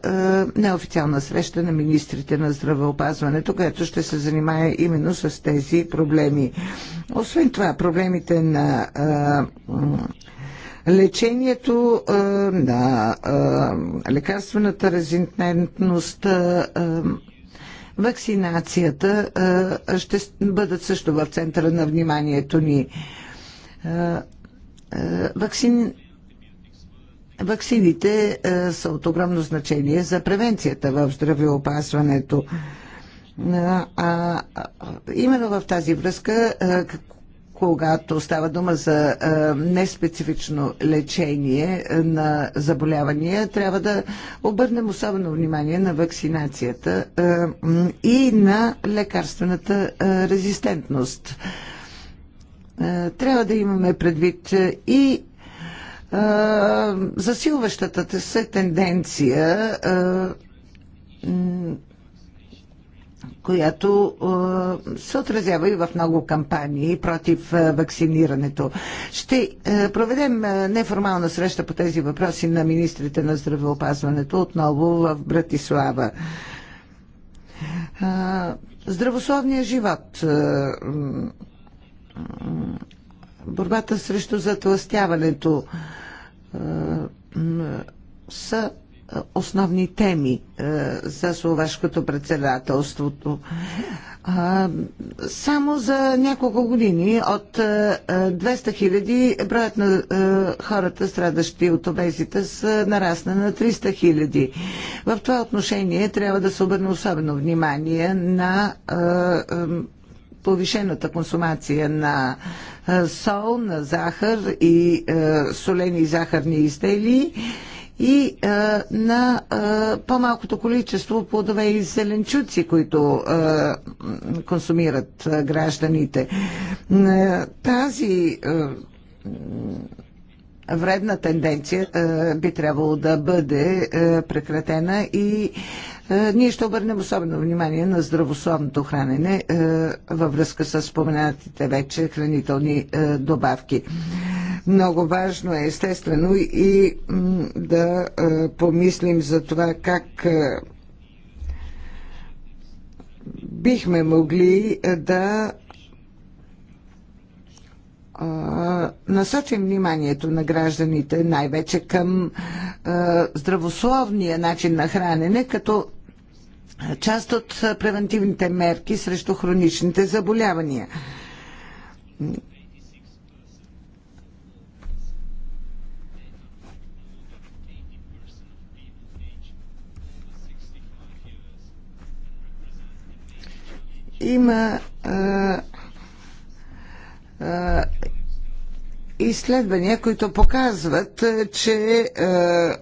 неофициална среща на министрите на здравеопазването, която ще се занимае именно с тези проблеми. Освен това, проблемите на лечението, на лекарствената резинтентност, вакцинацията ще бъдат също в центъра на вниманието ни. Вакцин Ваксините е, са от огромно значение за превенцията в здравеопазването. Е, а, именно в тази връзка, е, когато става дума за неспецифично лечение на заболявания, трябва да обърнем особено внимание на вакцинацията и на лекарствената резистентност. Трябва да имаме предвид и засилващата се тенденция, която се отразява и в много кампании против вакцинирането. Ще проведем неформална среща по тези въпроси на министрите на здравеопазването отново в Братислава. Здравословният живот борбата срещу затластяването е, са основни теми е, за словашкото председателството. Само за няколко години от 200 е, хиляди броят на хората, страдащи от обезите, са нарасна на 300 хиляди. В това отношение трябва да се обърне особено внимание на повишената консумация на е, сол, на захар и е, солени и захарни изделия и а, е, на а, по-малкото количество плодове и зеленчуци, които а, консумират а, гражданите. Тази а, вредна тенденция а, би трябвало да бъде а, прекратена и е, ние ще обърнем особено внимание на здравословното хранене е, във връзка с споменатите вече хранителни е, добавки. Много важно е естествено и да помислим за това как бихме могли да насочим вниманието на гражданите най-вече към здравословния начин на хранене, като част от превентивните мерки срещу хроничните заболявания. Има а, а, изследвания, които показват, че а,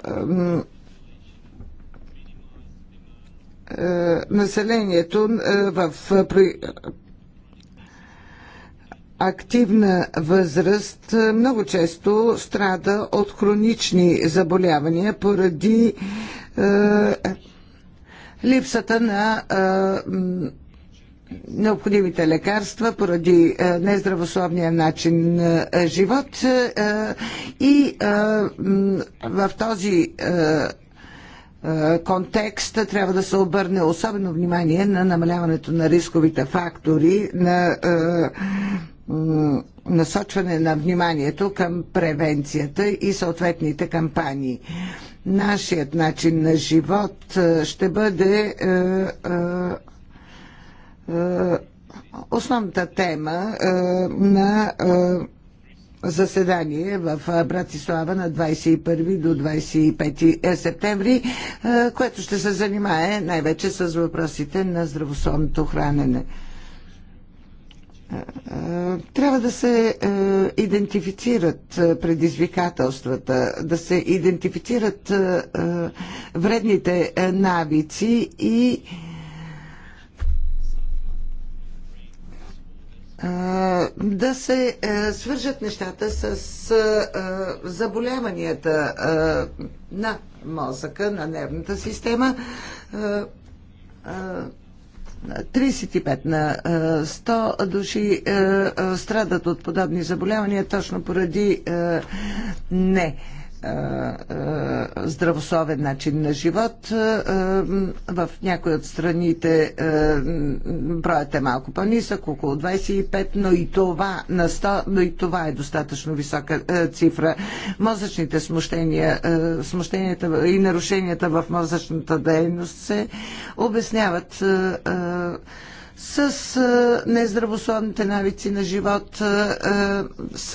е, населението е, в е, активна възраст много често страда от хронични заболявания поради е, липсата на е, необходимите лекарства, поради е, нездравословния начин е, живот е, и е, в този е, е, контекст трябва да се обърне особено внимание на намаляването на рисковите фактори, на е, насочване на вниманието към превенцията и съответните кампании. Нашият начин на живот е, ще бъде основната тема на заседание в Братислава на 21 до 25 е, септември, което ще се занимае най-вече с въпросите на здравословното хранене. Трябва да се идентифицират предизвикателствата, да се идентифицират вредните навици и да се е, свържат нещата с е, е, заболяванията на мозъка, на нервната система. 35 на 100 души страдат от подобни заболявания точно поради не е, е, здравословен начин на живот. Е, в някои от страните броят е малко по-нисък, около 25, но и това на 100, но и това е достатъчно висока цифра. Мозъчните смущения, смущенията и нарушенията в мозъчната дейност се обясняват с нездравословните навици на живот, с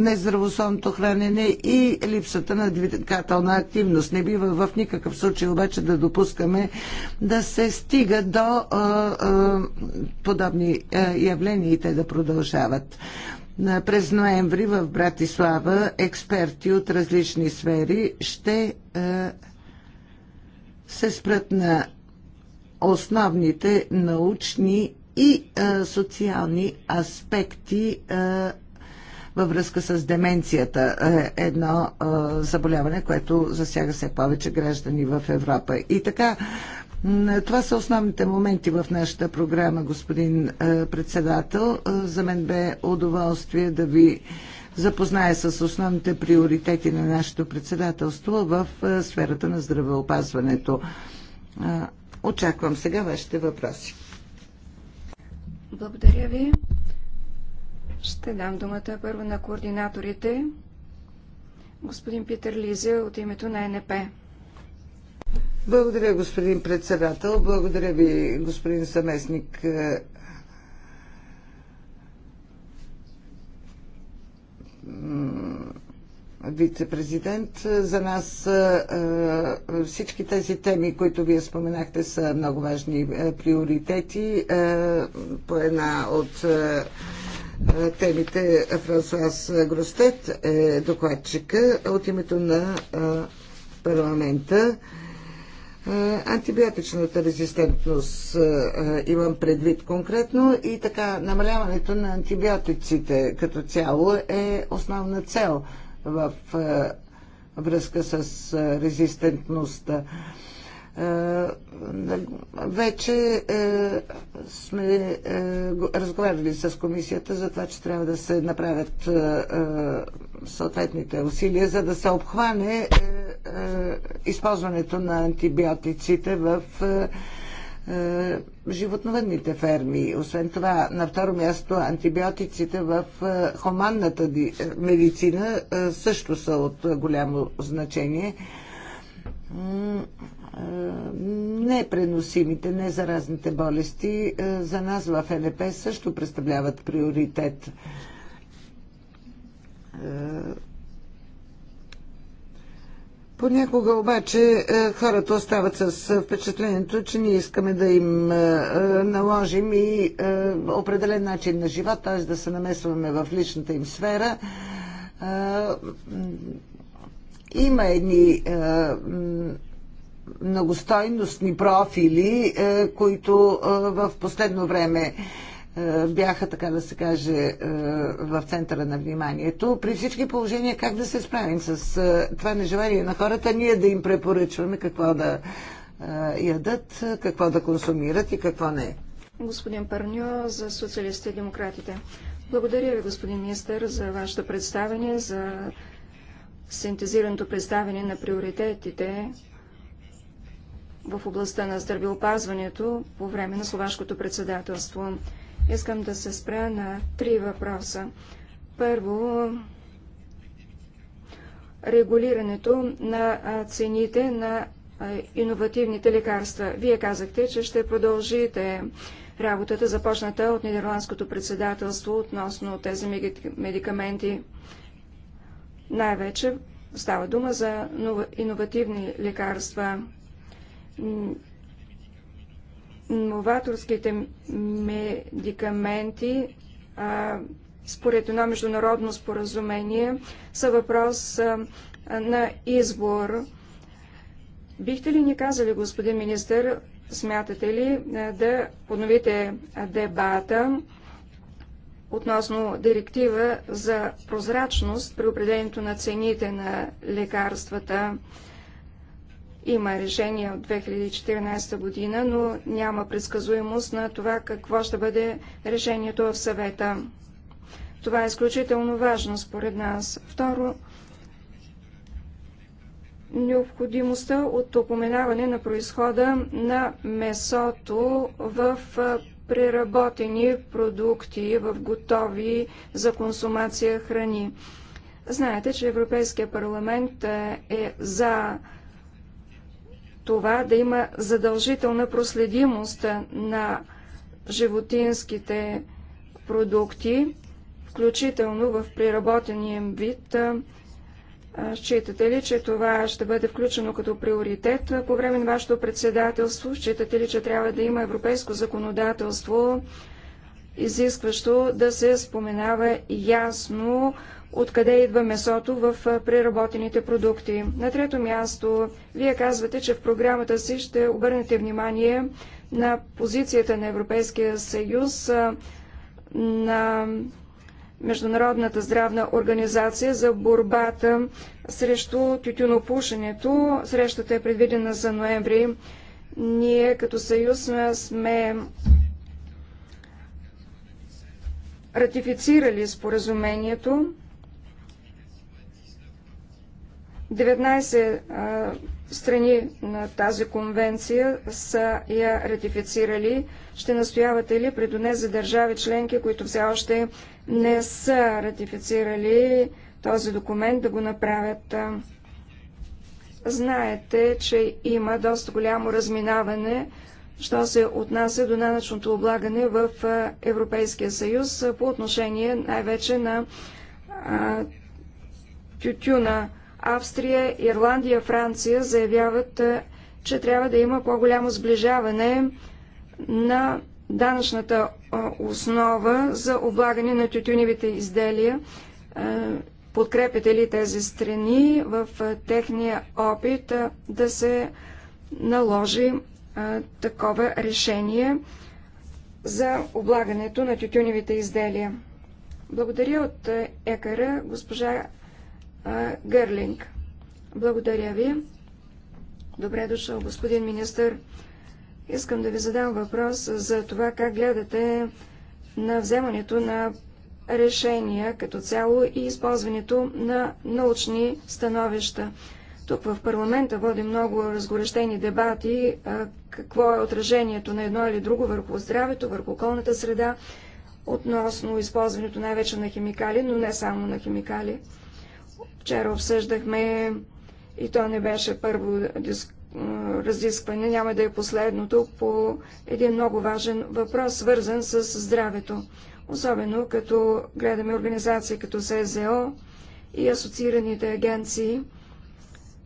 нездравословното хранене и липсата на двигателна активност. Не бива в никакъв случай обаче да допускаме да се стига до подобни явления и те да продължават. През ноември в Братислава експерти от различни сфери ще се спрат на основните научни и а, социални аспекти а, във връзка с деменцията. Е, едно а, заболяване, което засяга все повече граждани в Европа. И така, това са основните моменти в нашата програма, господин е, председател. Е, за мен бе удоволствие да ви запозная с основните приоритети на нашето председателство в сферата на здравеопазването. Очаквам сега вашите въпроси. Благодаря ви. Ще дам думата първо на координаторите. Господин Питер Лизе от името на НП. Благодаря, господин председател. Благодаря ви, господин съместник вице-президент. За нас е, е, всички тези теми, които вие споменахте, са много важни е, приоритети. По една от темите Франсуас Гростет е докладчика от името на парламента. Антибиотичната резистентност имам предвид конкретно и така намаляването на антибиотиците като цяло е основна цел – в е, връзка с е, резистентността. Е, вече сме разговаряли с комисията за това, че трябва да се направят съответните усилия, за да се обхване използването на антибиотиците в е, животновъдните ферми. Освен това, на второ място, антибиотиците в е, хуманната е, медицина също са от голямо значение. Непреносимите, незаразните болести за нас в НП също представляват приоритет Понякога обаче е, хората остават с е, впечатлението, че ние искаме да им е, наложим и определен начин на живот, т.е. да се намесваме в личната им сфера. Има едни многостойностни профили, които в последно време е, бяха, така да се каже, е, в центъра на вниманието. При всички положения как да се справим с е, това нежелание на хората, ние да им препоръчваме какво да ядат, какво да консумират и какво не. Господин Парньо за социалистите и демократите. Благодаря ви, господин министър, за вашето представение, за синтезираното представяне на приоритетите в областта на здравеопазването по време на словашкото председателство. Искам да се спра на три въпроса. Първо, регулирането на цените на иновативните лекарства. Вие казахте, че ще продължите работата, започната от Нидерландското председателство относно тези медикаменти. Най-вече става дума за иновативни лекарства новаторските медикаменти а, според едно международно споразумение са въпрос а, на избор. Бихте ли ни казали, господин министър, смятате ли да подновите дебата относно директива за прозрачност при определението на цените на лекарствата? Има решение от 2014 година, но няма предсказуемост на това какво ще бъде решението в съвета. Това е изключително важно според нас. Второ, необходимостта от упоменаване на происхода на месото в преработени продукти, в готови за консумация храни. Знаете, че Европейския парламент е, е за това да има задължителна проследимост на животинските продукти, включително в преработения им вид. Считате ли, че това ще бъде включено като приоритет по време на вашето председателство? Считате ли, че трябва да има европейско законодателство изискващо да се споменава ясно откъде идва месото в преработените продукти. На трето място, вие казвате, че в програмата си ще обърнете внимание на позицията на Европейския съюз на Международната здравна организация за борбата срещу тютюнопушенето. Срещата е предвидена за ноември. Ние като съюз сме ратифицирали споразумението. 19 страни на тази конвенция са я ратифицирали. Ще настоявате ли при донес за държави членки, които все още не са ратифицирали този документ, да го направят? Знаете, че има доста голямо разминаване що се отнася до данъчното облагане в Европейския съюз по отношение най-вече на тютюна. Австрия, Ирландия, Франция заявяват, че трябва да има по-голямо сближаване на данъчната основа за облагане на тютюневите изделия. Подкрепите ли тези страни в техния опит да се наложи такова решение за облагането на тютюневите изделия. Благодаря от екара госпожа Гърлинг. Благодаря ви. Добре дошъл, господин министър. Искам да ви задам въпрос за това как гледате на вземането на решения като цяло и използването на научни становища. Тук в парламента води много разгорещени дебати какво е отражението на едно или друго върху здравето, върху околната среда, относно използването най-вече на химикали, но не само на химикали. Вчера обсъждахме и то не беше първо разискване, няма да е последното, по един много важен въпрос, свързан с здравето. Особено като гледаме организации като СЗО и асоциираните агенции –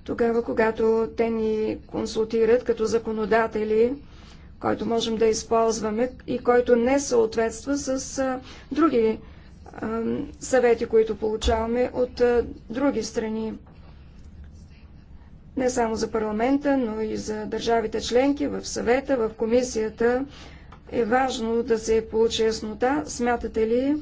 тогава, когато те ни консултират като законодатели, който можем да използваме и който не съответства с а, други а, съвети, които получаваме от а, други страни. Не само за парламента, но и за държавите членки, в съвета, в комисията е важно да се получи яснота. Смятате ли,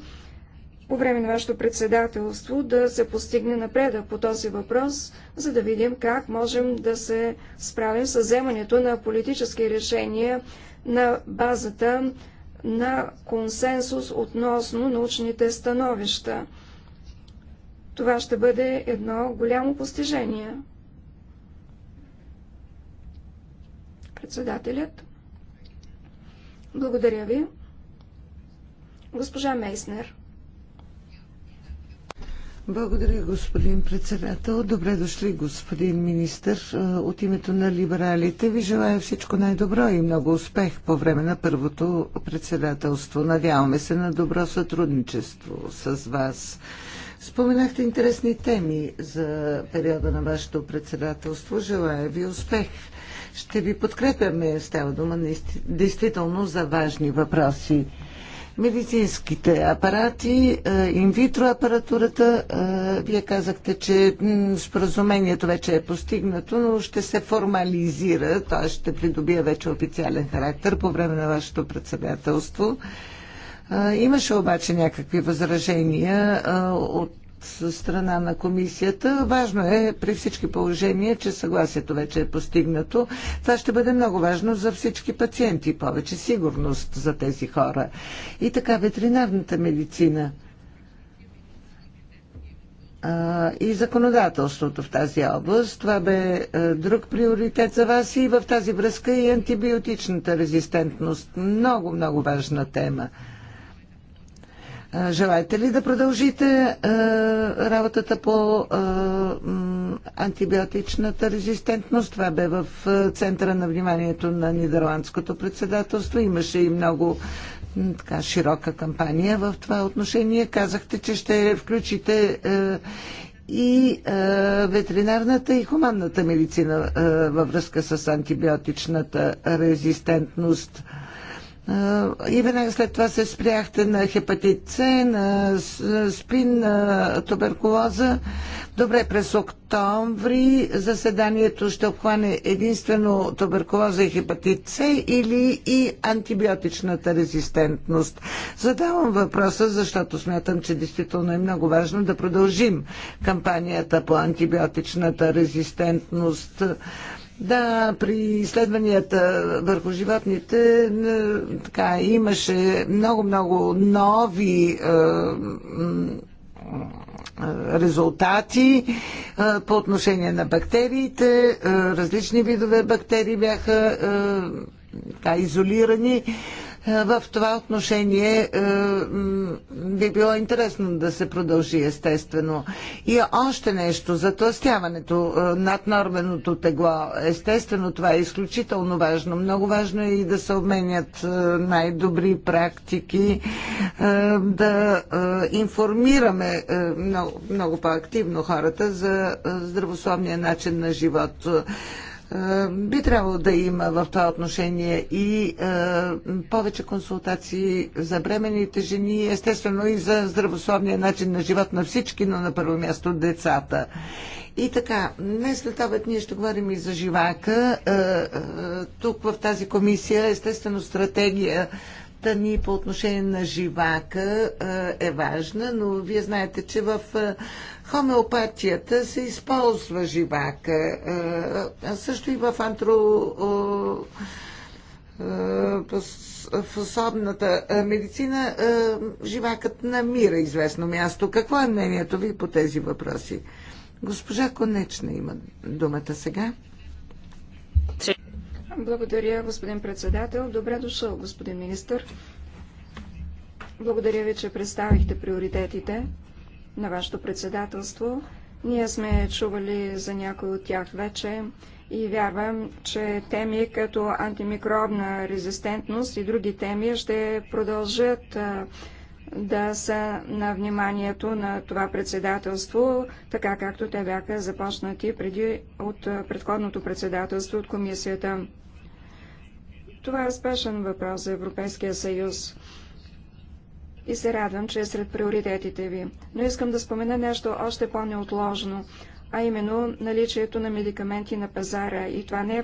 по време на вашето председателство да се постигне напредък по този въпрос, за да видим как можем да се справим с вземането на политически решения на базата на консенсус относно научните становища. Това ще бъде едно голямо постижение. Председателят. Благодаря ви. Госпожа Мейснер. Благодаря, господин председател. Добре дошли, господин министр. От името на либералите ви желая всичко най-добро и много успех по време на първото председателство. Надяваме се на добро сътрудничество с вас. Споменахте интересни теми за периода на вашето председателство. Желая ви успех. Ще ви подкрепяме. Става дума действително за важни въпроси. Медицинските апарати, е, инвитро апаратурата, е, вие казахте, че споразумението вече е постигнато, но ще се формализира, т.е. ще придобие вече официален характер по време на вашето председателство. Е, имаше обаче някакви възражения от страна на комисията. Важно е при всички положения, че съгласието вече е постигнато. Това ще бъде много важно за всички пациенти. Повече сигурност за тези хора. И така, ветеринарната медицина и законодателството в тази област. Това бе е, друг приоритет за вас и в тази връзка и антибиотичната резистентност. Много, много важна тема. Желаете ли да продължите работата по антибиотичната резистентност? Това бе в центъра на вниманието на Нидерландското председателство. Имаше и много така, широка кампания в това отношение. Казахте, че ще включите и е, ветеринарната и хуманната медицина е, във връзка с антибиотичната резистентност. Е, и веднага след това се спряхте на хепатит С, на спин, на туберкулоза. Добре, през октомври заседанието ще обхване единствено туберкулоза и хепатит С или и антибиотичната резистентност. Задавам въпроса, защото смятам, че действително е много важно да продължим кампанията по антибиотичната резистентност. Да, при изследванията върху животните така, имаше много-много нови е, резултати е, по отношение на бактериите. Е, различни видове бактерии бяха е, така, изолирани. Е, в това отношение е, би било интересно да се продължи естествено. И още нещо за тластяването е, над норменото тегло. Естествено, това е изключително важно. Много важно е и да се обменят най-добри практики, да информираме много, много по-активно хората за здравословния начин на живот. Е, би трябвало да има в това отношение и е, повече консултации за бременните жени, естествено и за здравословния начин на живот на всички, но на първо място децата. И така, днес след обед ние ще говорим и за живака. Е, тук в тази комисия, естествено, стратегия да ни по отношение на живака е важна, но вие знаете, че в Хомеопатията се използва живака, също и в антро в особната медицина живакът намира известно място. Какво е мнението ви по тези въпроси? Госпожа Конечна има думата сега. Благодаря, господин председател. Добре дошъл, господин министр. Благодаря ви, че представихте приоритетите на вашето председателство. Ние сме чували за някои от тях вече и вярвам, че теми като антимикробна резистентност и други теми ще продължат да са на вниманието на това председателство, така както те бяха започнати преди от предходното председателство от комисията. Това е спешен въпрос за Европейския съюз и се радвам, че е сред приоритетите ви. Но искам да спомена нещо още по-неотложно, а именно наличието на медикаменти на пазара. И това не е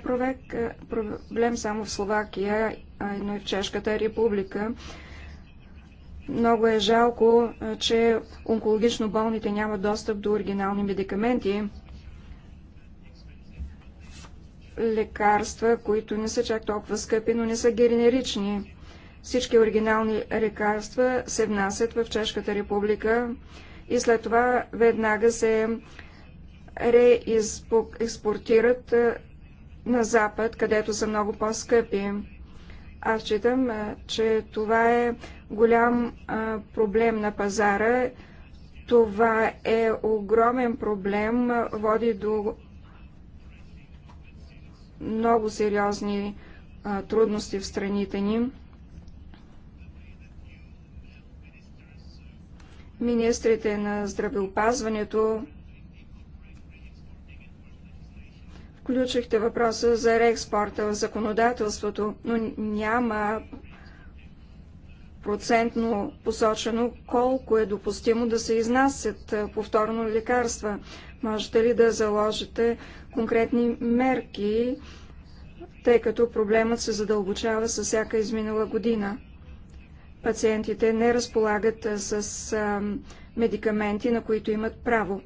проблем само в Словакия, а и в Чешката република. Много е жалко, че онкологично болните нямат достъп до оригинални медикаменти, лекарства, които не са чак толкова скъпи, но не са генерични. Всички оригинални лекарства се внасят в Чешката република и след това веднага се реекспортират на Запад, където са много по-скъпи. Аз считам, че това е голям проблем на пазара. Това е огромен проблем, води до много сериозни трудности в страните ни. министрите на здравеопазването включихте въпроса за реекспорта в законодателството, но няма процентно посочено колко е допустимо да се изнасят повторно лекарства. Можете ли да заложите конкретни мерки, тъй като проблемът се задълбочава със всяка изминала година? пациентите не разполагат с медикаменти, на които имат право.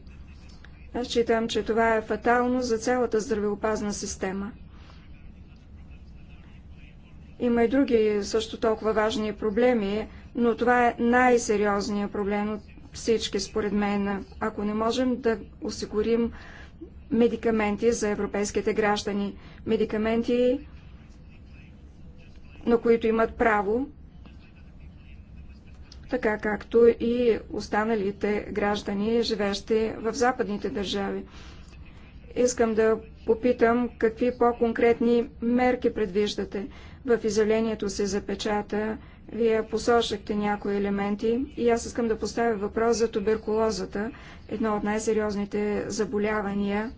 Аз считам, че това е фатално за цялата здравеопазна система. Има и други също толкова важни проблеми, но това е най-сериозният проблем от всички, според мен, ако не можем да осигурим медикаменти за европейските граждани. Медикаменти, на които имат право, така както и останалите граждани, живещи в западните държави. Искам да попитам какви по-конкретни мерки предвиждате. В изявлението се запечата, вие посочахте някои елементи и аз искам да поставя въпрос за туберкулозата, едно от най-сериозните заболявания,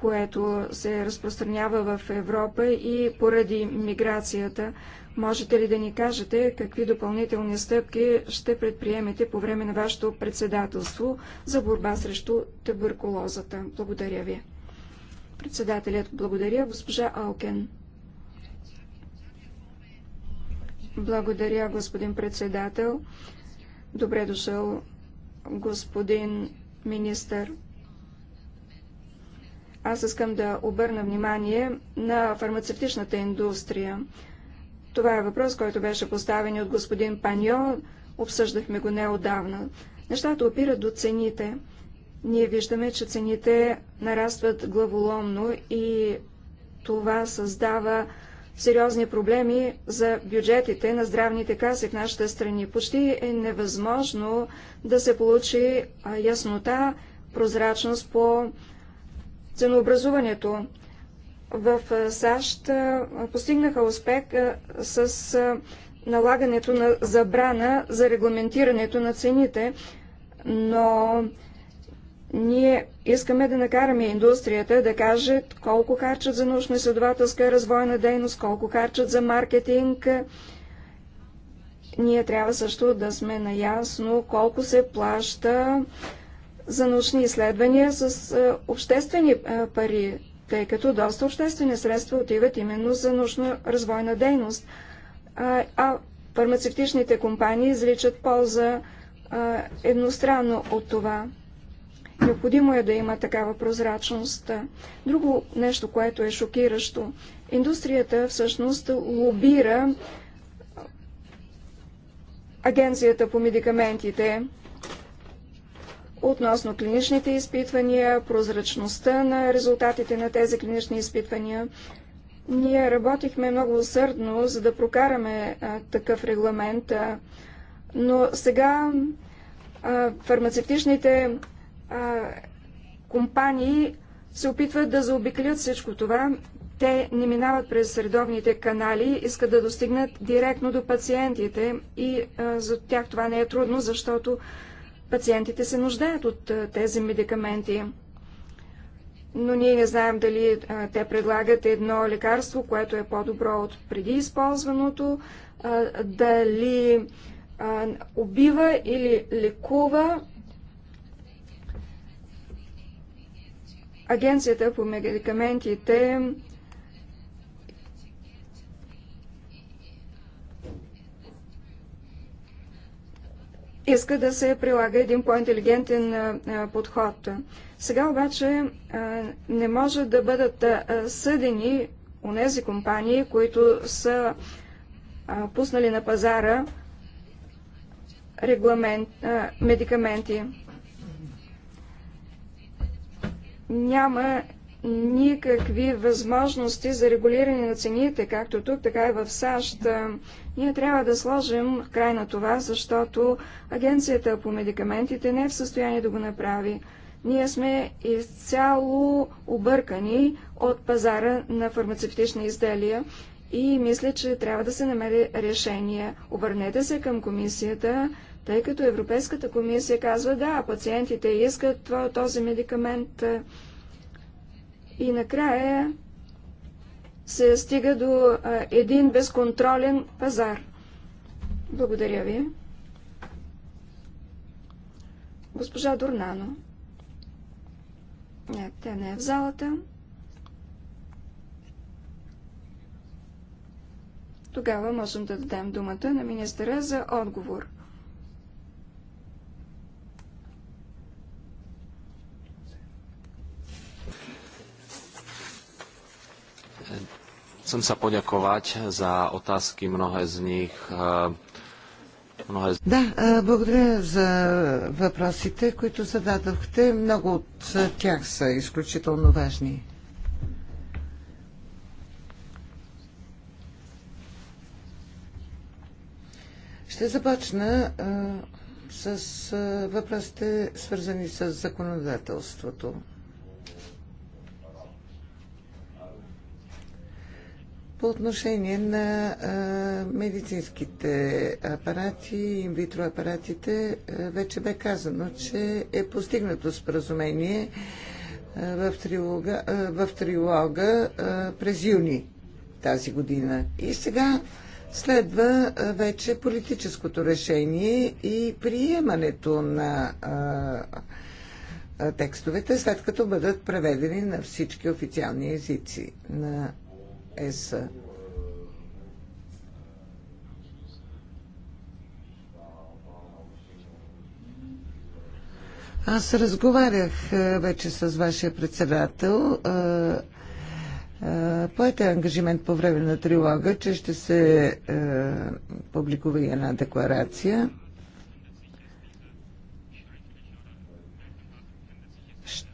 което се разпространява в Европа и поради миграцията. Можете ли да ни кажете какви допълнителни стъпки ще предприемете по време на вашето председателство за борба срещу туберкулозата? Благодаря ви. Председателят благодаря госпожа Алкен. Благодаря, господин председател. Добре дошъл, господин министър. Аз искам да обърна внимание на фармацевтичната индустрия. Това е въпрос, който беше поставен от господин Паньо. Обсъждахме го неодавна. Нещата опират до цените. Ние виждаме, че цените нарастват главоломно и това създава сериозни проблеми за бюджетите на здравните каси в нашите страни. Почти е невъзможно да се получи яснота, прозрачност по ценообразуването в САЩ постигнаха успех с налагането на забрана за регламентирането на цените, но ние искаме да накараме индустрията да каже колко харчат за научно-изследователска развойна дейност, колко харчат за маркетинг. Ние трябва също да сме наясно колко се плаща за научни изследвания с обществени пари, тъй като доста обществени средства отиват именно за научно-развойна дейност. А, фармацевтичните компании изличат полза едностранно от това. Необходимо е да има такава прозрачност. Друго нещо, което е шокиращо. Индустрията всъщност лобира агенцията по медикаментите, относно клиничните изпитвания, прозрачността на резултатите на тези клинични изпитвания. Ние работихме много усърдно, за да прокараме а, такъв регламент, а, но сега а, фармацевтичните а, компании се опитват да заобиклят всичко това. Те не минават през средовните канали, искат да достигнат директно до пациентите и а, за тях това не е трудно, защото Пациентите се нуждаят от тези медикаменти. Но ние не знаем дали те предлагат едно лекарство, което е по-добро от преди използваното, дали убива или лекува. Агенцията по медикаментите иска да се прилага един по-интелигентен подход. Сега обаче не може да бъдат съдени онези компании, които са пуснали на пазара регламент, медикаменти. Няма никакви възможности за регулиране на цените, както тук, така и в САЩ. Ние трябва да сложим край на това, защото Агенцията по медикаментите не е в състояние да го направи. Ние сме изцяло объркани от пазара на фармацевтични изделия и мисля, че трябва да се намери решение. Обърнете се към комисията, тъй като Европейската комисия казва, да, пациентите искат този медикамент. И накрая се стига до един безконтролен пазар. Благодаря ви. Госпожа Дурнано, Не, тя не е в залата. Тогава можем да дадем думата на министъра за отговор. chcem sa poďakovať za otázky, mnohé z nich. Eh, mnohé... Да, е, благодаря за въпросите, които зададохте. Много от тях са изключително важни. Ще започна а, е, с а, е, въпросите, свързани с законодателството. по отношение на а, медицинските апарати, инвитро апаратите, вече бе казано, че е постигнато споразумение в трилога, в трилога през юни тази година. И сега следва вече политическото решение и приемането на текстовете, след като бъдат преведени на всички официални езици на ЕС. Аз разговарях е, вече с вашия председател. Е, е, Поете ангажимент по време на трилога, че ще се публикува и една декларация.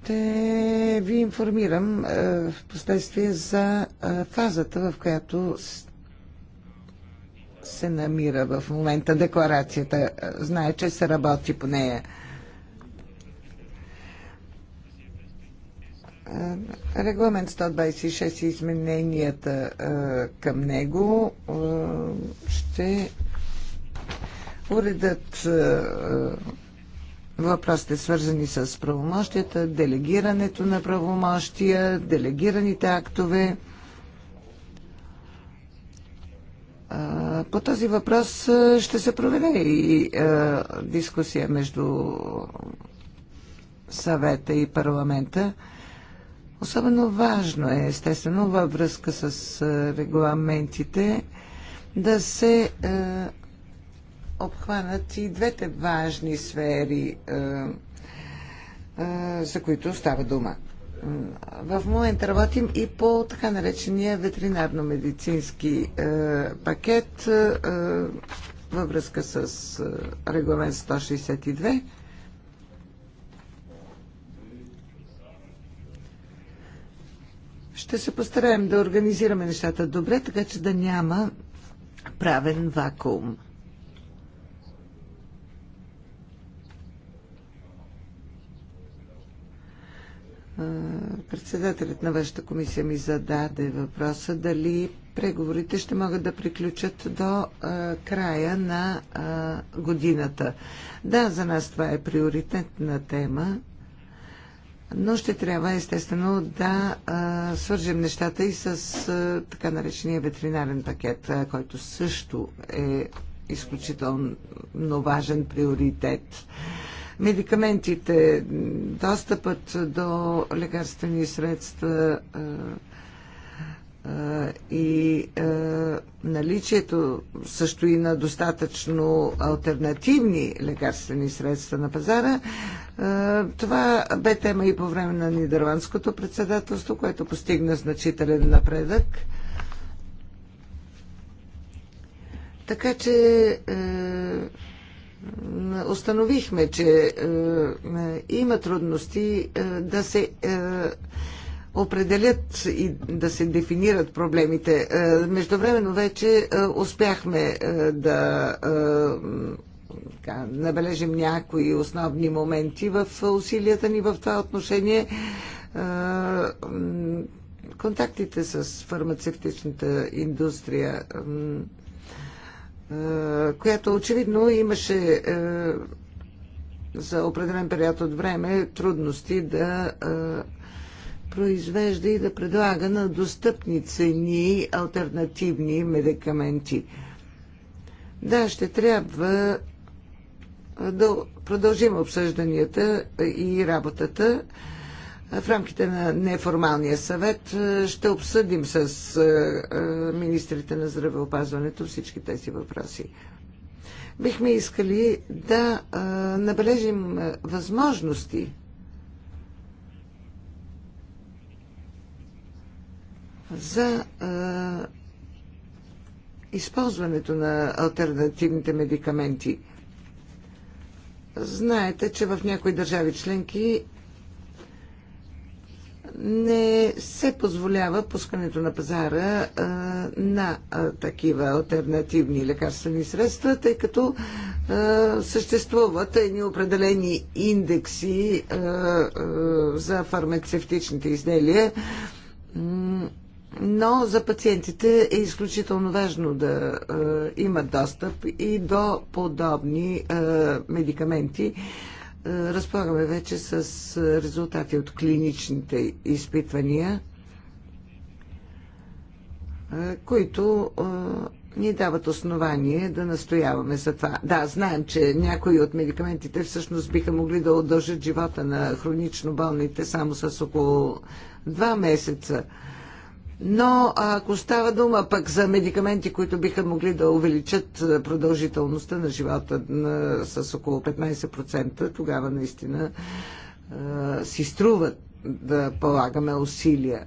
Ще ви информирам е, в последствие за е, фазата, в която се намира в момента декларацията. Е, знае, че се работи по нея. Регламент 126 и измененията към него ще уредят въпросите свързани с правомощията, делегирането на правомощия, делегираните актове. По този въпрос ще се проведе и дискусия между съвета и парламента. Особено важно е, естествено, във връзка с регламентите да се обхванат и двете важни сфери, е, е, за които става дума. В момента работим и по така наречения ветеринарно-медицински е, пакет във връзка с регламент 162. Ще се постараем да организираме нещата добре, така че да няма правен вакуум. Председателят на вашата комисия ми зададе въпроса дали преговорите ще могат да приключат до а, края на а, годината. Да, за нас това е приоритетна тема, но ще трябва естествено да а, свържем нещата и с а, така наречения ветеринарен пакет, а, който също е изключително важен приоритет медикаментите, достъпът до лекарствени средства и наличието също и на достатъчно альтернативни лекарствени средства на пазара. Това бе тема и по време на нидерландското председателство, което постигна значителен напредък. Така че е, установихме, че е, има трудности е, да се е, определят и да се дефинират проблемите. Междувременно вече успяхме да така, набележим някои основни моменти в усилията ни в това отношение. Контактите с фармацевтичната индустрия е, която очевидно имаше е, за определен период от време трудности да е, произвежда и да предлага на достъпни цени альтернативни медикаменти. Да, ще трябва да продължим обсъжданията и работата. В рамките на неформалния съвет е, ще обсъдим с е, е, министрите на здравеопазването всички тези въпроси. Бихме искали да набележим възможности за използването на альтернативните медикаменти. Знаете, че в някои държави членки не се позволява пускането на пазара а, на а, такива альтернативни лекарствени средства, тъй като а, съществуват едни определени индекси а, а, за фармацевтичните изделия. Но за пациентите е изключително важно да а, имат достъп и до подобни а, медикаменти, е, разполагаме вече с е, резултати от клиничните изпитвания, е, които ни дават основание да настояваме за това. Да, знаем, че някои от медикаментите всъщност биха могли да удължат живота на хронично болните само с около 2 месеца. Но ако става дума пък за медикаменти, които биха могли да увеличат е, продължителността на живота на, е, с около 15%, тогава наистина а, е, си струва да полагаме усилия.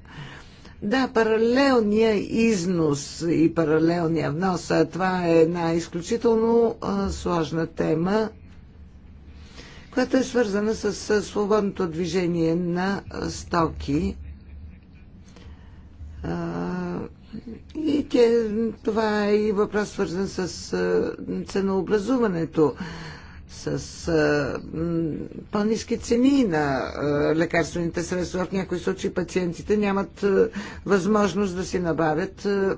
Да, паралелния износ и паралелния внос, това е една изключително а, сложна тема, която е свързана с, с свободното движение на стоки и те, това е и въпрос свързан с ценообразуването с а, по-низки цени на а, лекарствените средства. В някои случаи пациентите нямат а, възможност да си набавят а,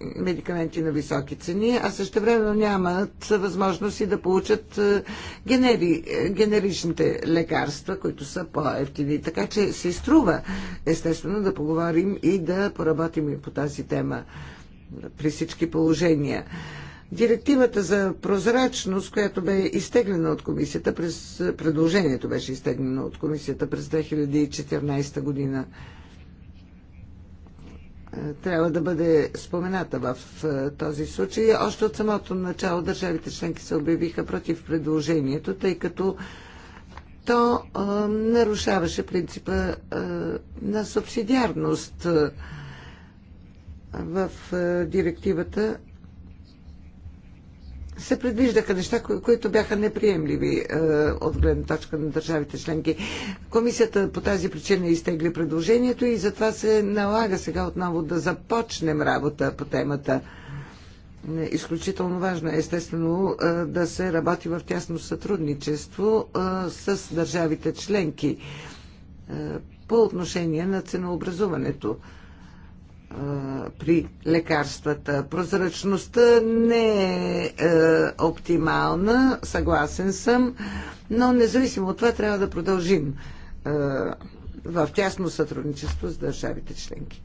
медикаменти на високи цени, а също време нямат възможност и да получат а, генери, генеричните лекарства, които са по-ефтини. Така че се струва, естествено, да поговорим и да поработим и по тази тема при всички положения. Директивата за прозрачност, която бе изтеглена от комисията през предложението беше изтеглено от комисията през 2014 година е, трябва да бъде спомената в е, този случай. Още от самото начало държавите членки се обявиха против предложението, тъй като то а, е, нарушаваше принципа а, на субсидиарност. В а, директивата се предвиждаха неща, които бяха неприемливи е, от гледна точка на държавите членки. Комисията по тази причина изтегли предложението и затова се налага сега отново да започнем работа по темата. Изключително важно е, естествено, е, да се работи в тясно сътрудничество е, с държавите членки е, по отношение на ценообразуването при лекарствата. Прозрачността не е, е оптимална, съгласен съм, но независимо от това трябва да продължим е, в тясно сътрудничество с държавите членки.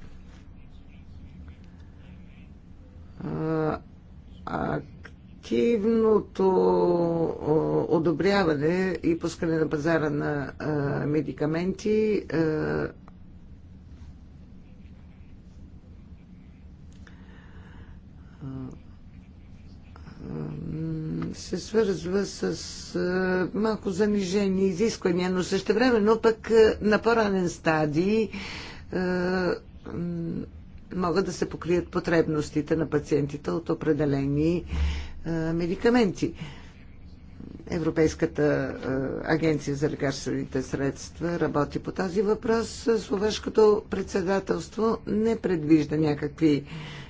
Активното одобряване и пускане на пазара на медикаменти се свързва с малко занижени изисквания, но също време, но пък на по-ранен стадий могат да се покрият потребностите на пациентите от определени медикаменти. Европейската агенция за лекарствените средства работи по този въпрос. Словешкото председателство не предвижда някакви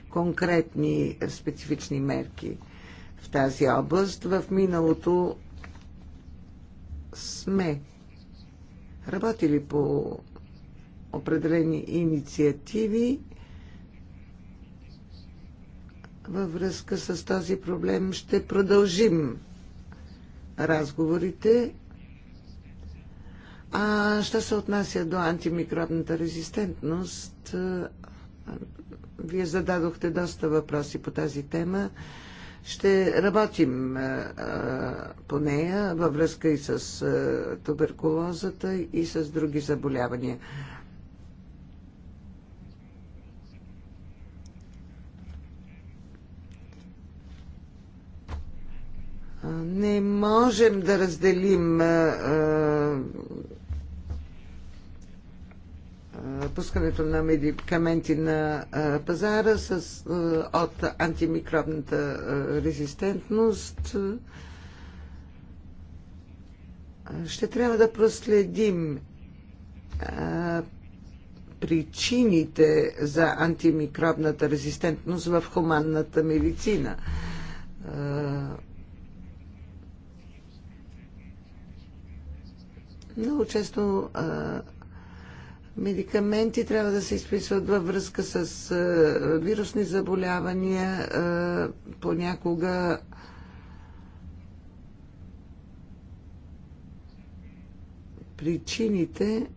конкретни специфични мерки в тази област. В миналото сме работили по определени инициативи във връзка с този проблем. Ще продължим разговорите. А що се отнася до антимикробната резистентност, вие зададохте доста въпроси по тази тема. Ще работим по нея във връзка и с туберкулозата и с други заболявания. Не можем да разделим пускането на медикаменти на пазара с, от антимикробната резистентност. Ще трябва да проследим причините за антимикробната резистентност в хуманната медицина. Много често а, медикаменти трябва да се изписват във връзка с вирусни заболявания, понякога причините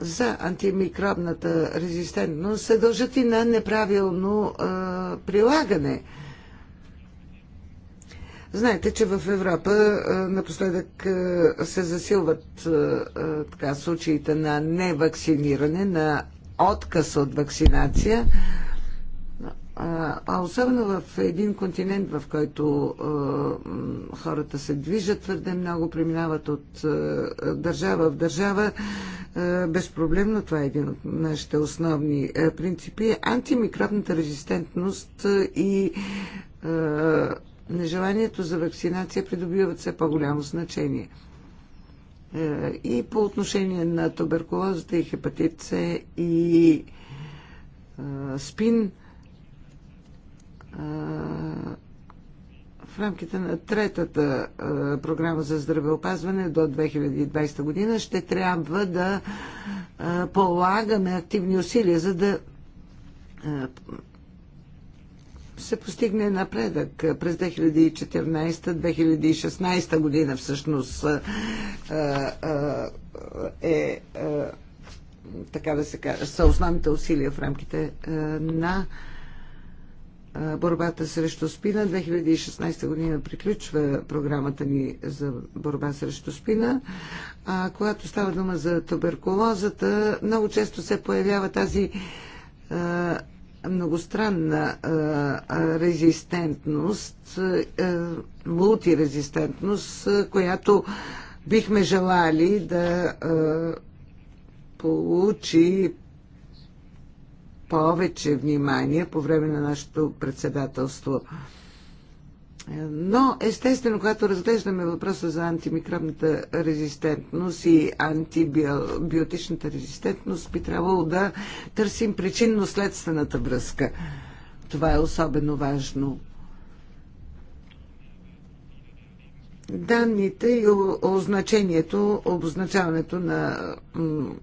за антимикробната резистентност се дължат и на неправилно прилагане Знаете, че в Европа напоследък се засилват така, случаите на невакциниране, на отказ от вакцинация. А особено в един континент, в който хората се движат твърде много, преминават от държава в държава, безпроблемно това е един от нашите основни принципи. Антимикробната резистентност и нежеланието за вакцинация придобиват все по-голямо значение. Е, и по отношение на туберкулозата и хепатит С и е, спин е, в рамките на третата програма за здравеопазване до 2020 година ще трябва да полагаме активни усилия, за да се постигне напредък през 2014-2016 година всъщност е, така да се каже, са основните усилия в рамките на борбата срещу спина. 2016 година приключва програмата ни за борба срещу спина. А, когато става дума за туберкулозата, много често се появява тази многостранна резистентност, мултирезистентност, която бихме желали да получи повече внимание по време на нашето председателство. Но, естествено, когато разглеждаме въпроса за антимикробната резистентност и антибиотичната резистентност, би трябвало да търсим причинно-следствената връзка. Това е особено важно. данните и означението, обозначаването на,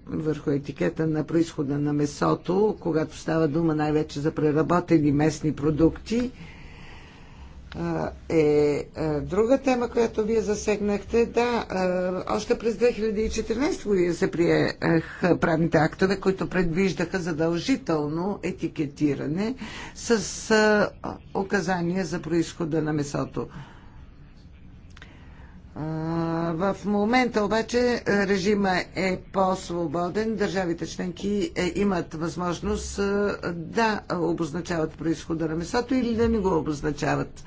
върху етикета на происхода на месото, когато става дума най-вече за преработени местни продукти, е друга тема, която вие засегнахте. Да, още през 2014 година се приеха правните актове, които предвиждаха задължително етикетиране с указания за происхода на месото. В момента обаче режима е по-свободен. Държавите членки е, имат възможност да обозначават происхода на месото или да не го обозначават.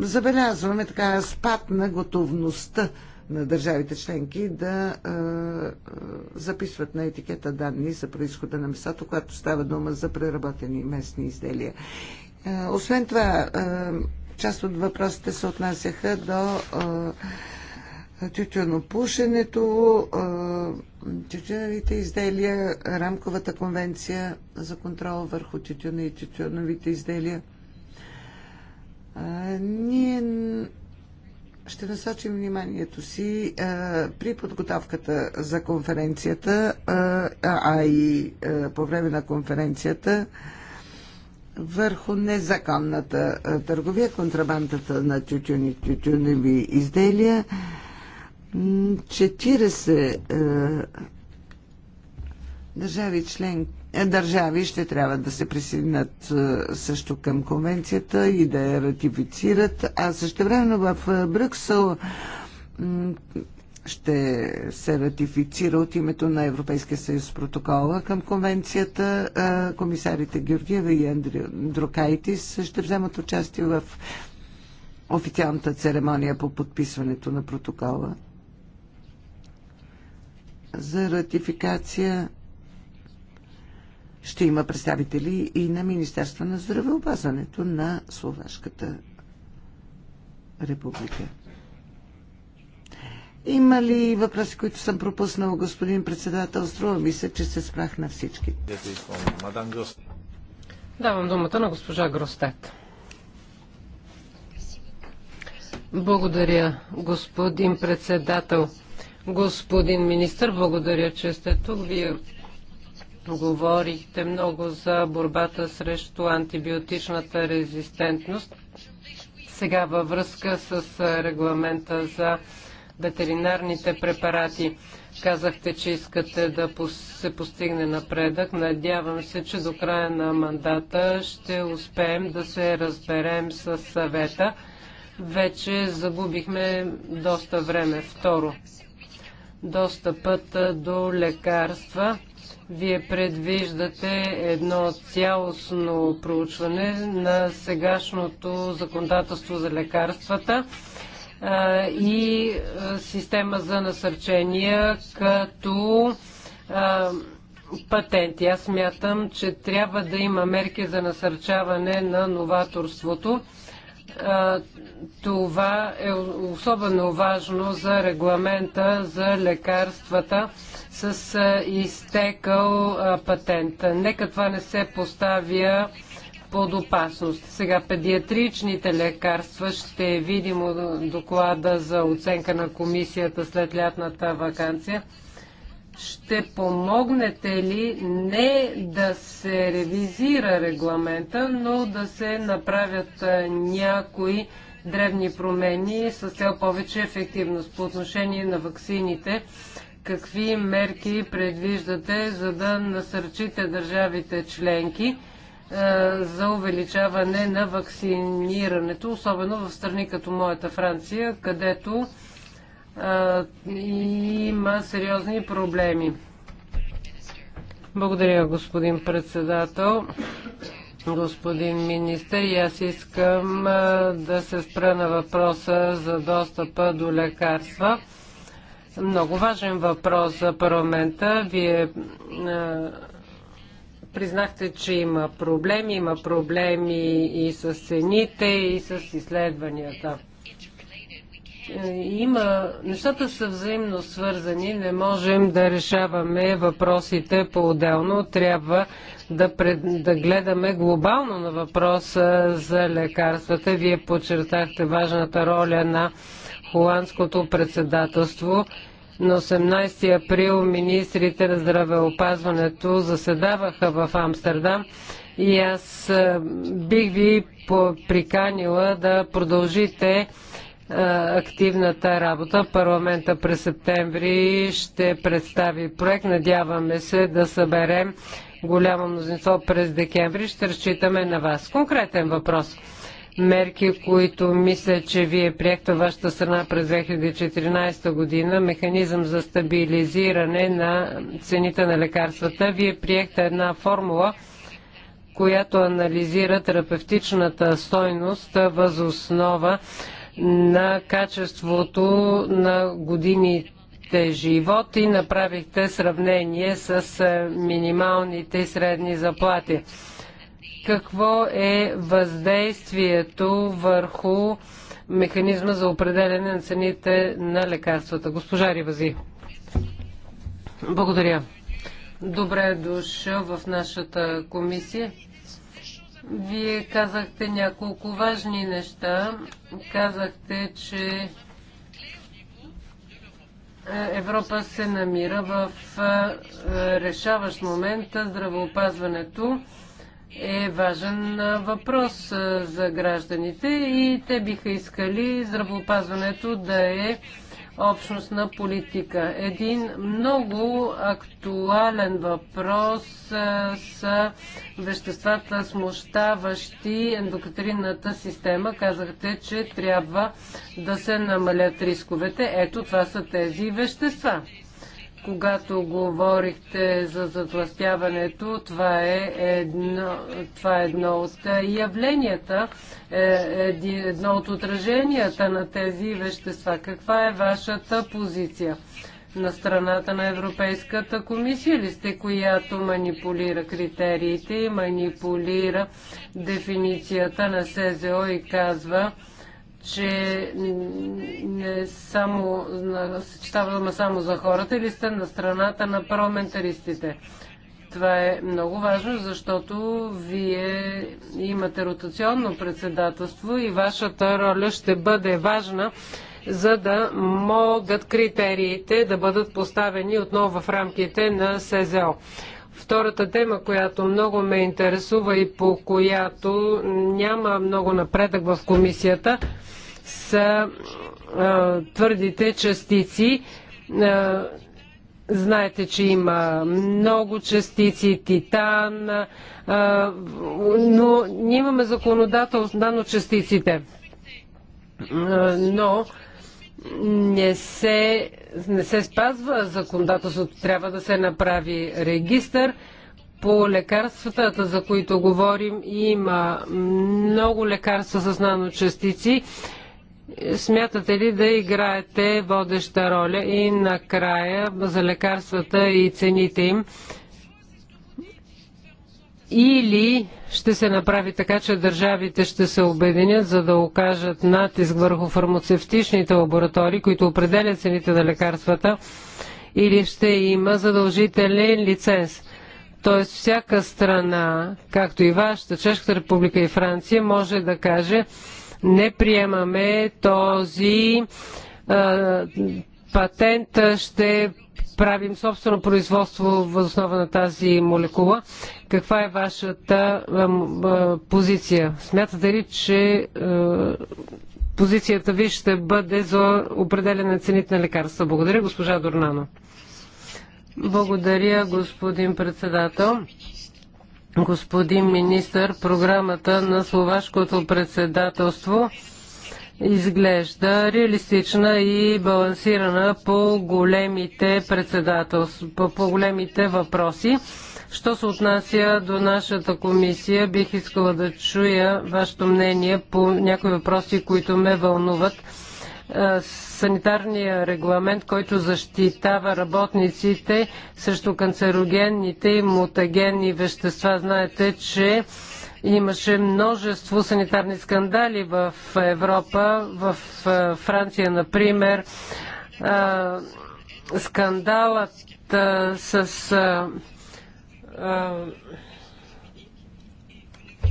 Забелязваме така спад на готовността на държавите членки да записват на етикета данни за происхода на месото, когато става дума за преработени местни изделия. Освен това, част от въпросите се отнасяха до тютюнопушенето, тютюновите изделия, рамковата конвенция за контрол върху тютюна и тютюновите изделия. Ние ще насочим вниманието си при подготовката за конференцията, а, и по време на конференцията върху незаконната търговия, контрабандата на тютюни тютюневи изделия. 40 държави член държави ще трябва да се присъединят също към конвенцията и да я ратифицират, а също време в Брюксел ще се ратифицира от името на Европейския съюз протокола към конвенцията. Комисарите Георгиева и Андрио ще вземат участие в официалната церемония по подписването на протокола. За ратификация ще има представители и на Министерство на здравеопазването на Словашката република. Има ли въпроси, които съм пропуснал, господин председател? Струва ми се, че се спрах на всички. Давам думата на госпожа Гростет. Благодаря, господин председател. Господин министр, благодаря, че сте тук. Вие говорихте много за борбата срещу антибиотичната резистентност. Сега във връзка с регламента за ветеринарните препарати. Казахте, че искате да се постигне напредък. Надявам се, че до края на мандата ще успеем да се разберем с съвета. Вече загубихме доста време. Второ, достъпът до лекарства. Вие предвиждате едно цялостно проучване на сегашното законодателство за лекарствата и система за насърчения като патенти. Аз смятам, че трябва да има мерки за насърчаване на новаторството. Това е особено важно за регламента за лекарствата с изтекал патент. Нека това не се поставя под опасност. Сега педиатричните лекарства ще видим доклада за оценка на комисията след лятната вакансия. Ще помогнете ли не да се ревизира регламента, но да се направят някои древни промени с цел повече ефективност по отношение на ваксините? Какви мерки предвиждате, за да насърчите държавите членки? Е, за увеличаване на вакцинирането, особено в страни като моята Франция, където е, има сериозни проблеми. Благодаря, господин председател. Господин министр, и аз искам е, да се спра на въпроса за достъпа до лекарства. Много важен въпрос за парламента. Вие Признахте, че има проблеми, има проблеми и с цените, и с изследванията. Е, има, нещата са взаимно свързани, не можем да решаваме въпросите по-отделно, трябва да, пред, да гледаме глобално на въпроса за лекарствата. Вие подчертахте важната роля на холандското председателство на 18 април министрите на здравеопазването заседаваха в Амстердам и аз бих ви приканила да продължите активната работа. Парламента през септември ще представи проект. Надяваме се да съберем голямо мнозинство през декември. Ще разчитаме на вас. Конкретен въпрос мерки, които мисля, че вие приехте вашата страна през 2014 година, механизъм за стабилизиране на цените на лекарствата. Вие приехте една формула, която анализира терапевтичната стойност въз основа на качеството на годините живот и направихте сравнение с е, минималните и средни заплати какво е въздействието върху механизма за определене на цените на лекарствата. Госпожа Ривази. Благодаря. Добре е дошъл в нашата комисия. Вие казахте няколко важни неща. Казахте, че Европа се намира в решаващ момент здравеопазването е важен въпрос за гражданите и те биха искали здравеопазването да е общностна политика. Един много актуален въпрос са веществата, смущаващи ендокатринната система. Казахте, че трябва да се намалят рисковете. Ето това са тези вещества когато говорихте за затластяването, това е едно, това е едно от явленията, е, едно от отраженията на тези вещества. Каква е вашата позиция? На страната на Европейската комисия ли сте, която манипулира критериите и манипулира дефиницията на СЗО и казва, че не само, съчетаваме само за хората или сте на страната на парламентаристите. Това е много важно, защото вие имате ротационно председателство и вашата роля ще бъде важна, за да могат критериите да бъдат поставени отново в рамките на СЗО. Втората тема, която много ме интересува и по която няма много напредък в комисията, са а, твърдите частици. А, знаете, че има много частици, титан, а, но ние имаме законодателство на частиците. но не се, не се спазва законодателството. Трябва да се направи регистър. По лекарствата, за които говорим, има много лекарства с наночастици. Смятате ли да играете водеща роля и накрая за лекарствата и цените им? Или ще се направи така, че държавите ще се обединят, за да окажат натиск върху фармацевтичните лаборатории, които определят цените на лекарствата, или ще има задължителен лиценз. Тоест всяка страна, както и вашата, Чешката република и Франция, може да каже не приемаме този патент ще правим собствено производство въз основа на тази молекула. Каква е вашата позиция? Смятате ли, че позицията ви ще бъде за определене на цените на лекарства? Благодаря, госпожа Дорнано. Благодаря, господин председател. Господин министър, програмата на словашкото председателство изглежда реалистична и балансирана по големите председателства, по, по големите въпроси. Що се отнася до нашата комисия, бих искала да чуя вашето мнение по някои въпроси, които ме вълнуват. Е, санитарния регламент, който защитава работниците срещу канцерогенните и мутагенни вещества. Знаете, че Имаше множество санитарни скандали в Европа, в е, Франция, например. Е, скандалът е, с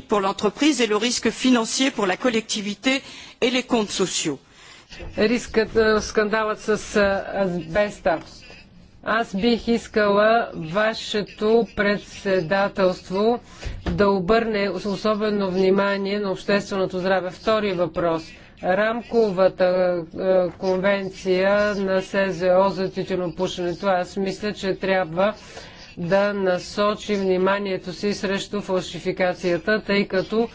pour l'entreprise et le risque financier pour la collectivité et les comptes sociaux. Рискът, скандалът с азбеста. Аз бих искала вашето председателство да обърне особено внимание на общественото здраве. Втори въпрос. Рамковата е, конвенция на СЗО за тютюнопушенето, аз мисля, че трябва да насочи вниманието си срещу фалшификацията, тъй като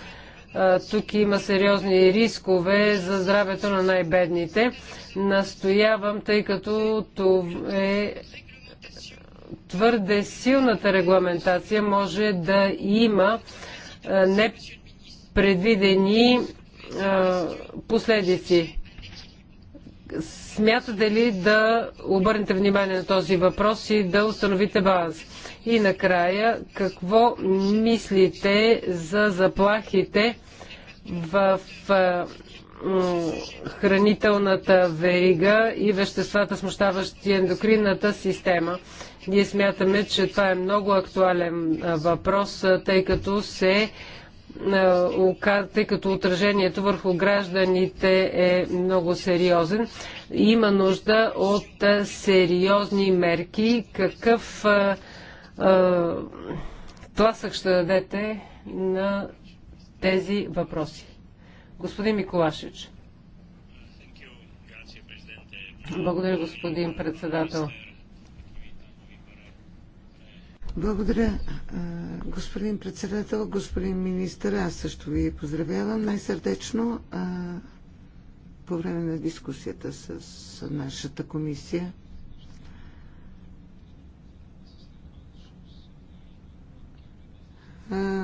тук има сериозни рискове за здравето на най-бедните. Настоявам, тъй като това е твърде силната регламентация може да има непредвидени последици. Смятате ли да обърнете внимание на този въпрос и да установите баланс? И накрая, какво мислите за заплахите в хранителната верига и веществата, смущаващи ендокринната система. Ние смятаме, че това е много актуален въпрос, тъй като се тъй като отражението върху гражданите е много сериозен. Има нужда от сериозни мерки. Какъв тласък ще дадете на тези въпроси. Господин Миколашич. Благодаря, господин председател. Благодаря, господин председател, господин министър. Аз също ви поздравявам най-сърдечно по време на дискусията с нашата комисия.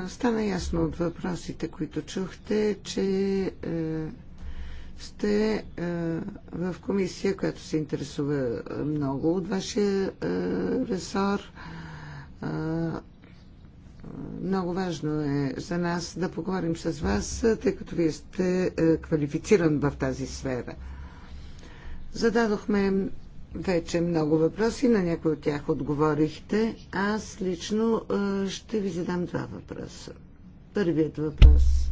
Стана ясно от въпросите, които чухте, че е, сте е, в комисия, която се интересува много от вашия е, ресор. Много важно е за нас да поговорим с вас, тъй като вие сте квалифициран в тази сфера. Зададохме вече много въпроси, на някои от тях отговорихте. Аз лично ще ви задам два въпроса. Първият въпрос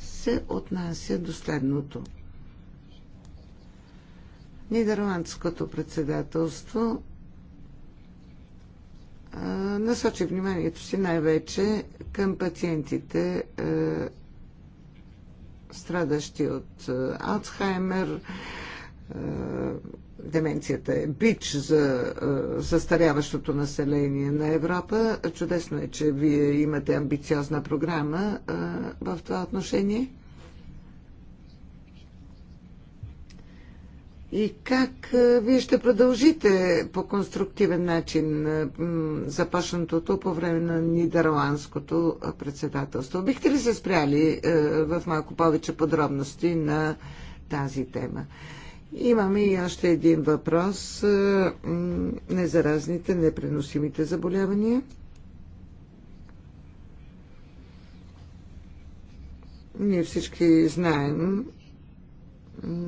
се отнася до следното. Нидерландското председателство насочи вниманието си най-вече към пациентите, страдащи от Алцхаймер, деменцията е бич за състаряващото е, население на Европа. Чудесно е, че вие имате амбициозна програма е, в това отношение. И как е, вие ще продължите по конструктивен начин започнатото по време на нидерландското председателство? Бихте ли се спряли в малко повече подробности на тази тема? Имаме и още един въпрос. Е, незаразните, непреносимите заболявания. Ние всички знаем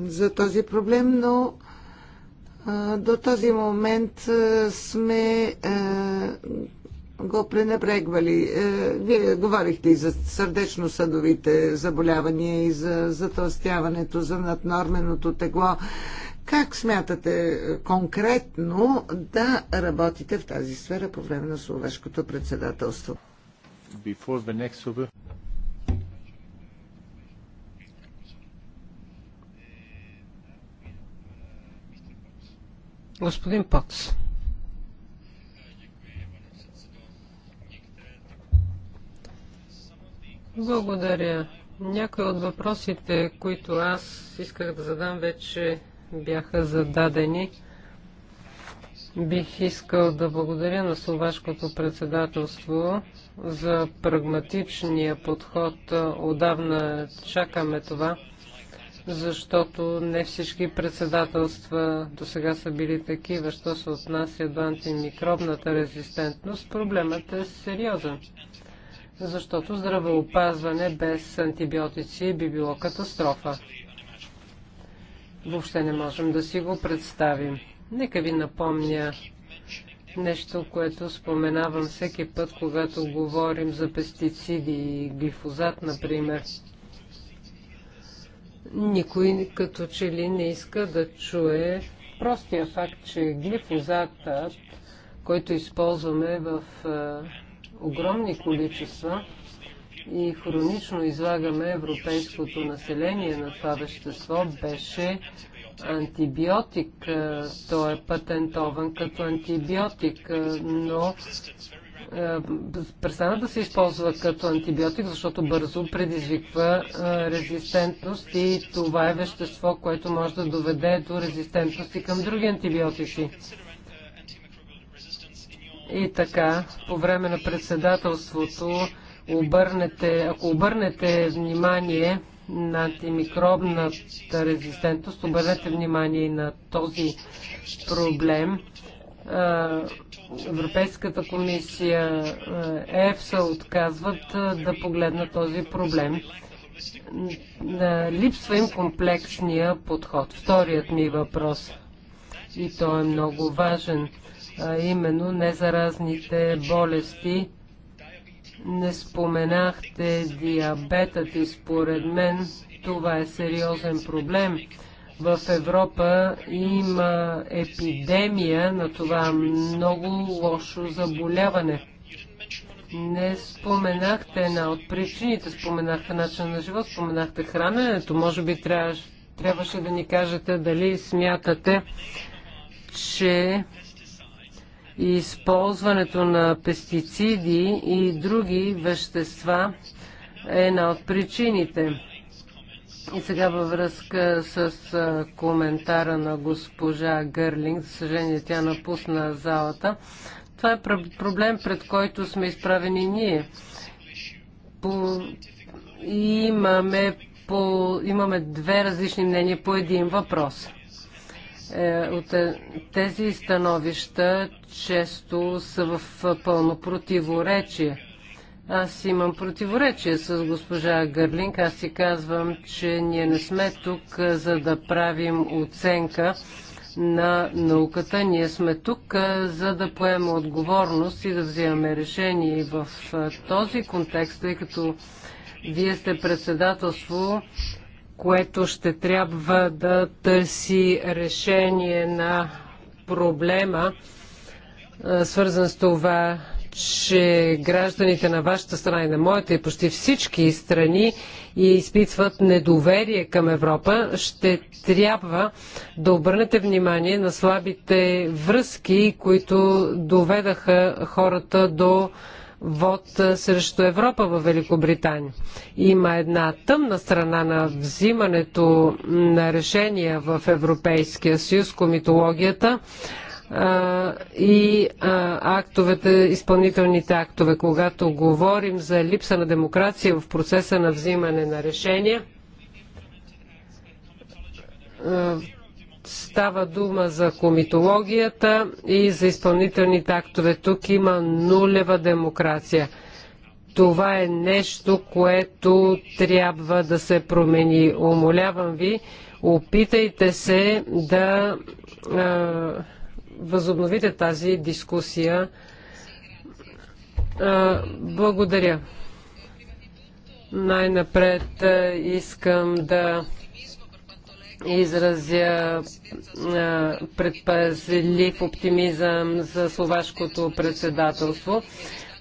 за този проблем, но до този момент сме го пренебрегвали. Е, вие говорихте и за сърдечно-съдовите заболявания, и за затластяването, за наднорменото тегло. Как смятате е, конкретно да работите в тази сфера по време на словешкото председателство? Господин Пакс. Благодаря. Някои от въпросите, които аз исках да задам, вече бяха зададени. Бих искал да благодаря на Словашкото председателство за прагматичния подход. Отдавна чакаме това, защото не всички председателства до сега са били такива, що се отнася до антимикробната резистентност. Проблемът е сериозен защото здравеопазване без антибиотици би било катастрофа. Въобще не можем да си го представим. Нека ви напомня нещо, което споменавам всеки път, когато говорим за пестициди и глифозат, например. Никой като че ли не иска да чуе простия факт, че глифозатът, който използваме в огромни количества и хронично излагаме европейското население на това вещество, беше антибиотик. Той е патентован като антибиотик, но престана да се използва като антибиотик, защото бързо предизвиква резистентност и това е вещество, което може да доведе до резистентност и към други антибиотици. И така, по време на председателството, обърнете, ако обърнете внимание на антимикробната резистентност, обърнете внимание и на този проблем. Европейската комисия ЕФСА отказват да погледна този проблем. Липсва им комплексния подход. Вторият ми въпрос, и той е много важен – а именно незаразните болести. Не споменахте диабетът и според мен това е сериозен проблем. В Европа има епидемия на това много лошо заболяване. Не споменахте една от причините, споменахте начин на живот, споменахте храненето. Може би трябваше, трябваше да ни кажете дали смятате, че Използването на пестициди и други вещества е една от причините. И сега във връзка с коментара на госпожа Гърлинг, за съжаление тя напусна залата, това е проблем, пред който сме изправени ние. По... Имаме, по... Имаме две различни мнения по един въпрос. Е, от е, тези становища често са в пълно противоречие. Аз имам противоречие с госпожа Гърлинг. Аз си казвам, че ние не сме тук, е, за да правим оценка на науката. Ние сме тук, за да поемем отговорност и да взимаме решение. И в този контекст, тъй като вие сте председателство, което ще трябва да търси решение на проблема, свързан с това, че гражданите на вашата страна и на моята и почти всички страни изпитват недоверие към Европа, ще трябва да обърнете внимание на слабите връзки, които доведаха хората до вод срещу Европа в Великобритания. Има една тъмна страна на взимането на решения в Европейския съюз, комитологията и актовете, изпълнителните актове. Когато говорим за липса на демокрация в процеса на взимане на решения, Става дума за комитологията и за изпълнителните актове. Тук има нулева демокрация. Това е нещо, което трябва да се промени. Умолявам ви, опитайте се да а, възобновите тази дискусия. А, благодаря. Най-напред искам да изразя предпазлив оптимизъм за словашкото председателство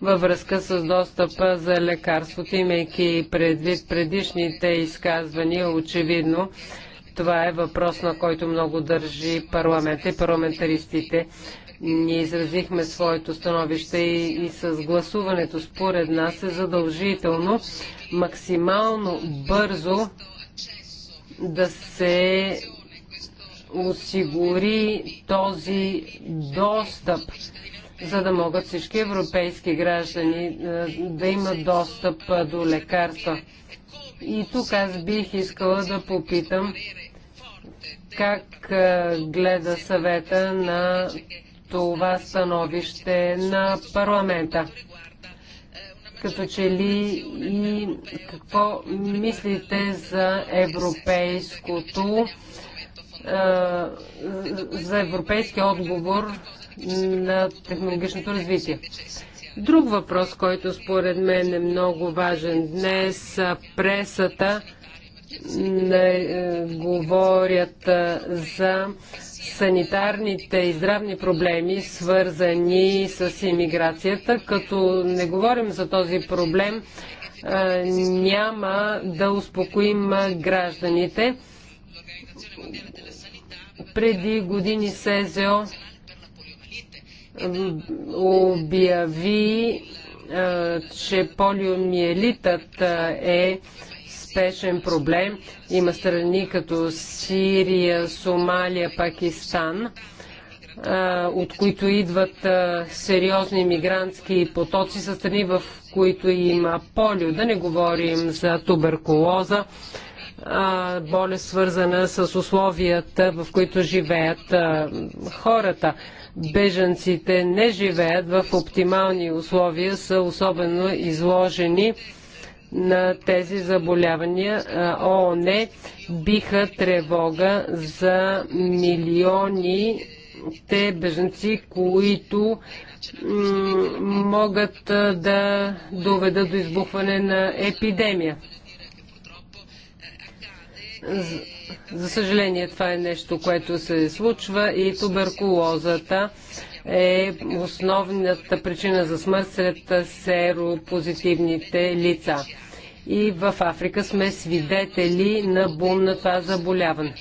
във връзка с достъпа за лекарството, имайки предвид предишните изказвания, очевидно това е въпрос, на който много държи парламента и парламентаристите. Ние изразихме своето становище и, и с гласуването според нас е задължително максимално бързо да се осигури този достъп, за да могат всички европейски граждани е, да имат достъп е, до лекарства. И тук аз бих искала да попитам как е, гледа съвета на това становище на парламента като че ли и какво мислите за европейското за европейския отговор на технологичното развитие. Друг въпрос, който според мен е много важен днес, пресата не е, говорят за санитарните и здравни проблеми, свързани с иммиграцията. Като не говорим за този проблем, няма да успокоим гражданите. Преди години СЕЗО обяви, че полиомиелитът е спешен проблем. Има страни като Сирия, Сомалия, Пакистан, от които идват сериозни мигрантски потоци, са страни, в които има полио. Да не говорим за туберкулоза, болест свързана с условията, в които живеят хората Беженците не живеят в оптимални условия, са особено изложени на тези заболявания. ООН биха тревога за те беженци, които могат да доведат до избухване на епидемия. За съжаление, това е нещо, което се случва и туберкулозата е основната причина за смърт сред серопозитивните лица. И в Африка сме свидетели на бум на това заболяване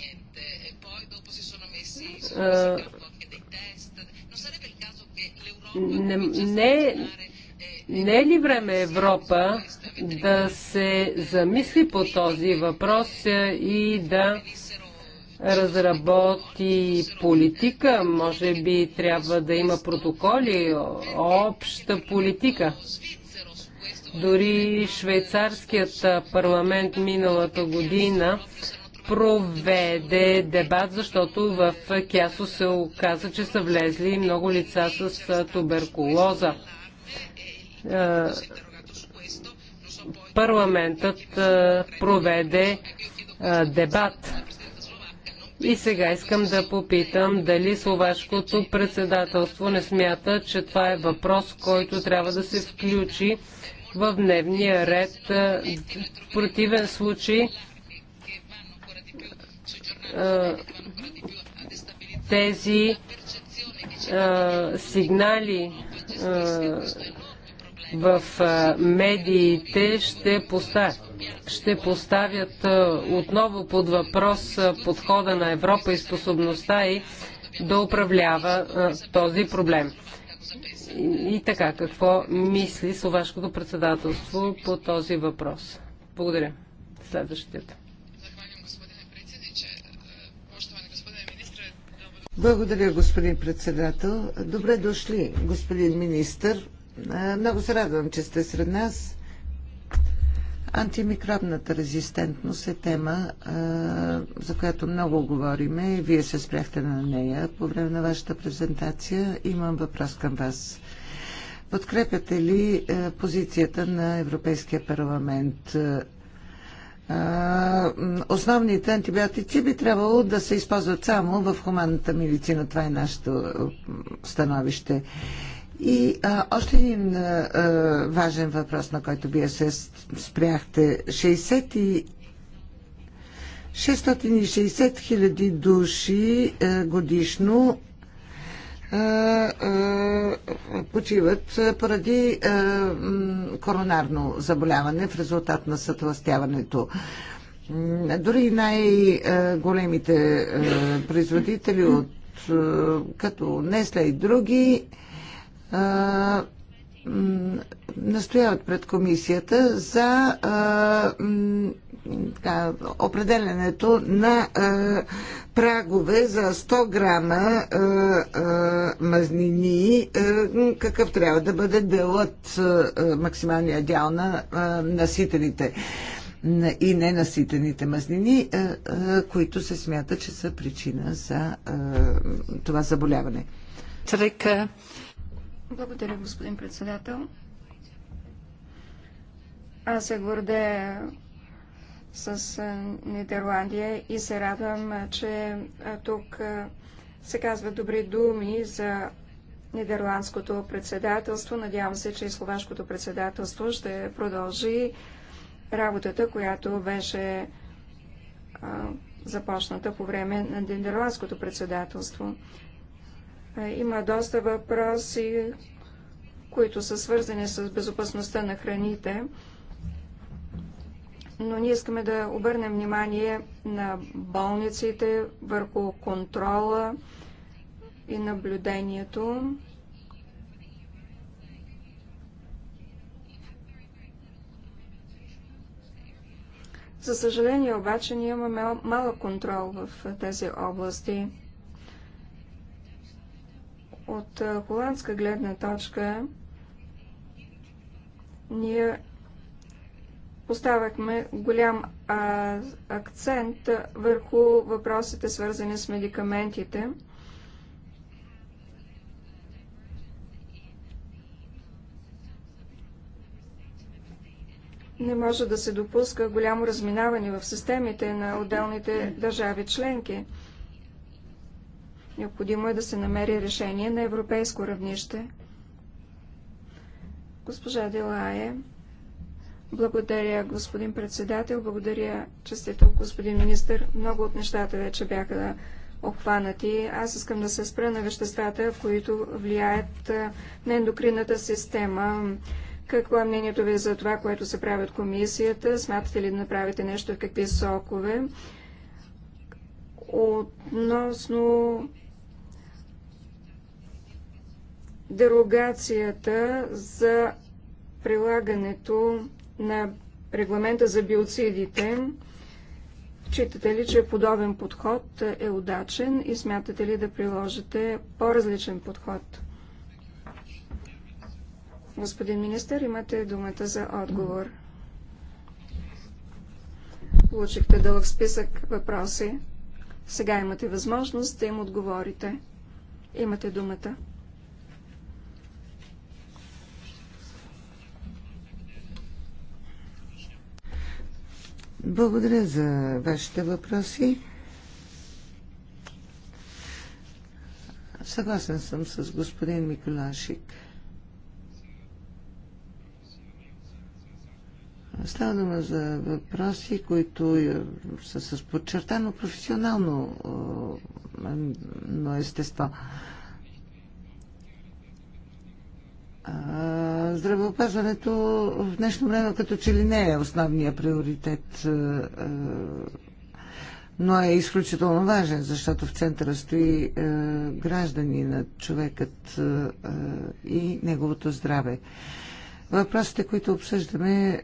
не, не, не е ли време Европа да се замисли по този въпрос и да разработи политика, може би трябва да има протоколи, обща политика. Дори швейцарският парламент миналата година проведе дебат, защото в Кясо се оказа, че са влезли много лица с туберкулоза. Парламентът проведе дебат и сега искам да попитам дали словашкото председателство не смята, че това е въпрос, който трябва да се включи в дневния ред. В противен случай тези сигнали в медиите ще поставят, ще поставят отново под въпрос подхода на Европа и способността и да управлява този проблем. И така, какво мисли словашкото председателство по този въпрос? Благодаря. Следващият. Благодаря, господин председател. Добре дошли, господин министър. Много се радвам, че сте сред нас. Антимикробната резистентност е тема, за която много говориме. Вие се спряхте на нея по време на вашата презентация. Имам въпрос към вас. Подкрепяте ли позицията на Европейския парламент? Основните антибиотици би трябвало да се използват само в хуманната медицина. Това е нашето становище. И а, още един а, важен въпрос, на който вие се спряхте. 60 и 660 хиляди души а, годишно а, а, почиват поради а, коронарно заболяване в резултат на сътластяването. Дори най-големите производители от като Несла и други настояват пред комисията за така, определенето на а, прагове за 100 грама а, а, мазнини, а, какъв трябва да бъде делът, а, максималния дял на а, наситените и ненаситените мазнини, а, а, които се смята, че са причина за а, това заболяване. Трека. Благодаря, господин председател. Аз се гордея с Нидерландия и се радвам, че тук се казват добри думи за Нидерландското председателство. Надявам се, че и Словашкото председателство ще продължи работата, която беше започната по време на Нидерландското председателство. Е, има доста въпроси, които са свързани с безопасността на храните, но ние искаме да обърнем внимание на болниците върху контрола и наблюдението. За съжаление обаче ние имаме малък контрол в тези области. От холандска гледна точка ние поставяхме голям а, акцент върху въпросите, свързани с медикаментите. Не може да се допуска голямо разминаване в системите на отделните държави членки. Необходимо е да се намери решение на европейско равнище. Госпожа Делае, благодаря, господин председател, благодаря, че сте тук, господин министр. Много от нещата вече бяха обхванати. Аз искам да се спра на веществата, които влияят на ендокринната система. Какво е мнението ви за това, което се прави от комисията? Смятате ли да направите нещо в какви сокове? Относно дерогацията за прилагането на регламента за биоцидите. Читате ли, че подобен подход е удачен и смятате ли да приложите по-различен подход? Господин министър, имате думата за отговор. Получихте дълъг списък въпроси. Сега имате възможност да им отговорите. Имате думата. Благодаря за вашите въпроси. Съгласен съм с господин Миколашик. Става дума за въпроси, които е, са с подчертано професионално е, естество. Здравеопазването в днешно време като че ли не е основния приоритет, но е изключително важен, защото в центъра стои граждани на човекът и неговото здраве. Въпросите, които обсъждаме,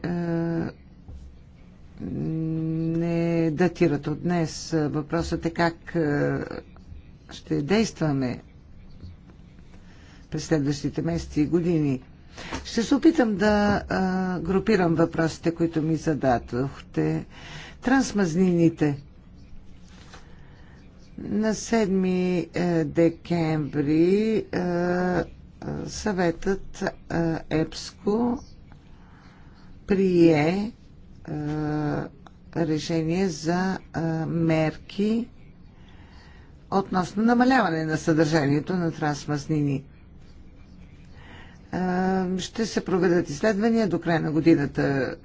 не датират от днес. Въпросът е как ще действаме през следващите месеци и години. Ще се опитам да а, групирам въпросите, които ми зададохте. Трансмазнините. На 7 е, декември е, съветът е, ЕПСКО прие решение за мерки относно намаляване на съдържанието на трансмазнини. Ще се проведат изследвания до края на годината.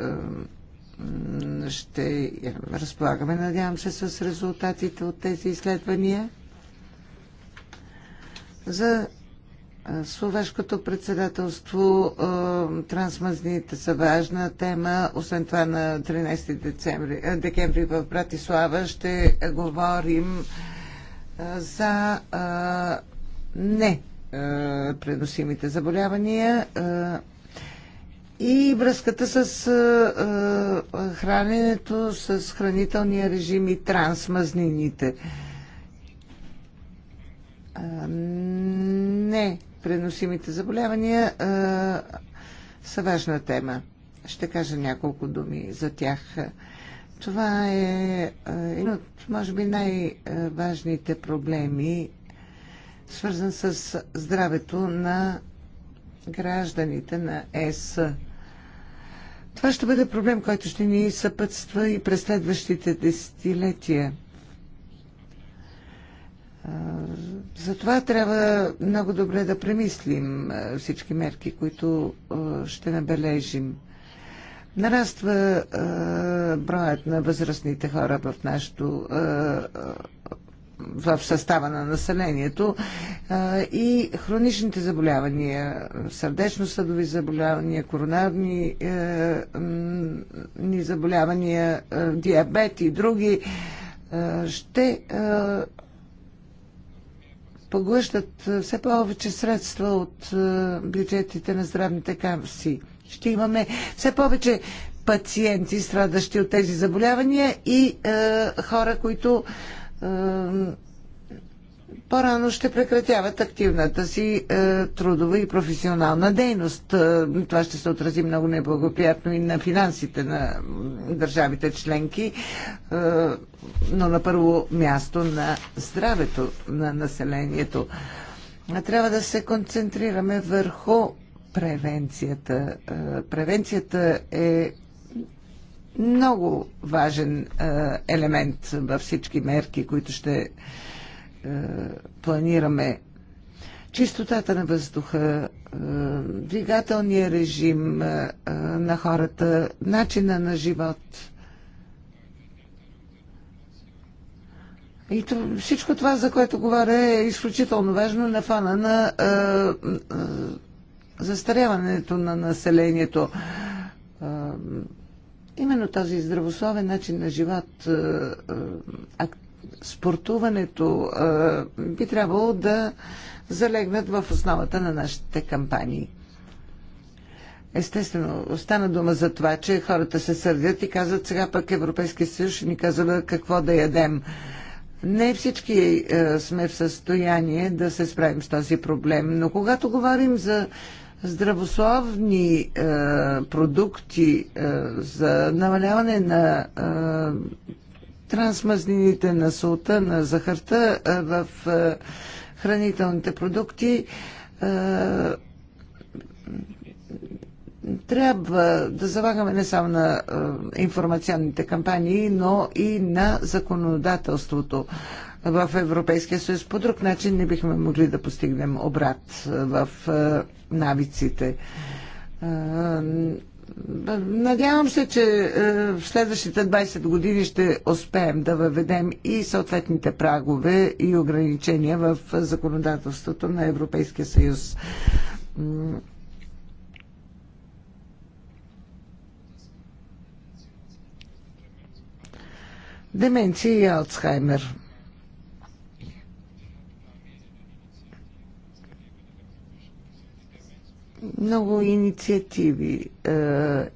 Ще разполагаме, надявам се, с резултатите от тези изследвания. За Словешкото председателство трансмазните са важна тема. Освен това на 13 декември, декември в Братислава ще говорим за не е, преносимите заболявания е, и връзката с е, храненето, с хранителния режим и трансмазнините. Не, преносимите заболявания са важна тема. Ще кажа няколко думи за тях. Това е един от, може би, най-важните проблеми свързан с здравето на гражданите на ЕС. Това ще бъде проблем, който ще ни съпътства и през следващите десетилетия. Затова трябва много добре да премислим всички мерки, които ще набележим. Нараства броят на възрастните хора в нашото в състава на населението и хроничните заболявания, сърдечно-съдови заболявания, коронарни е, ни заболявания, е, диабет и други е, ще поглъщат все повече средства от бюджетите на здравните камси. Ще имаме все повече пациенти, страдащи от тези заболявания и е, хора, които по-рано ще прекратяват активната си е, трудова и професионална дейност. Е, това ще се отрази много неблагоприятно и на финансите на държавите членки, е, но на първо място на здравето на населението. Трябва да се концентрираме върху превенцията. Е, превенцията е много важен е, елемент във всички мерки, които ще е, планираме. Чистотата на въздуха, е, двигателния режим на хората, начина на живот. И то, всичко това, за което говоря, е изключително важно на фона на а, а, застаряването на населението. Именно този здравословен начин на живот, е, е, спортуването е, би трябвало да залегнат в основата на нашите кампании. Естествено, остана дума за това, че хората се сърдят и казват сега пък Европейския съюз ще ни казва какво да ядем. Не всички сме в състояние да се справим с този проблем, но когато говорим за здравословни е, продукти е, за намаляване на е, трансмазнините на солта, на захарта е, в е, хранителните продукти е, трябва да залагаме не само на е, информационните кампании, но и на законодателството в Европейския съюз. По друг начин не бихме могли да постигнем обрат в навиците. Надявам се, че в следващите 20 години ще успеем да въведем и съответните прагове и ограничения в законодателството на Европейския съюз. Деменция и Алцхаймер. Много инициативи е,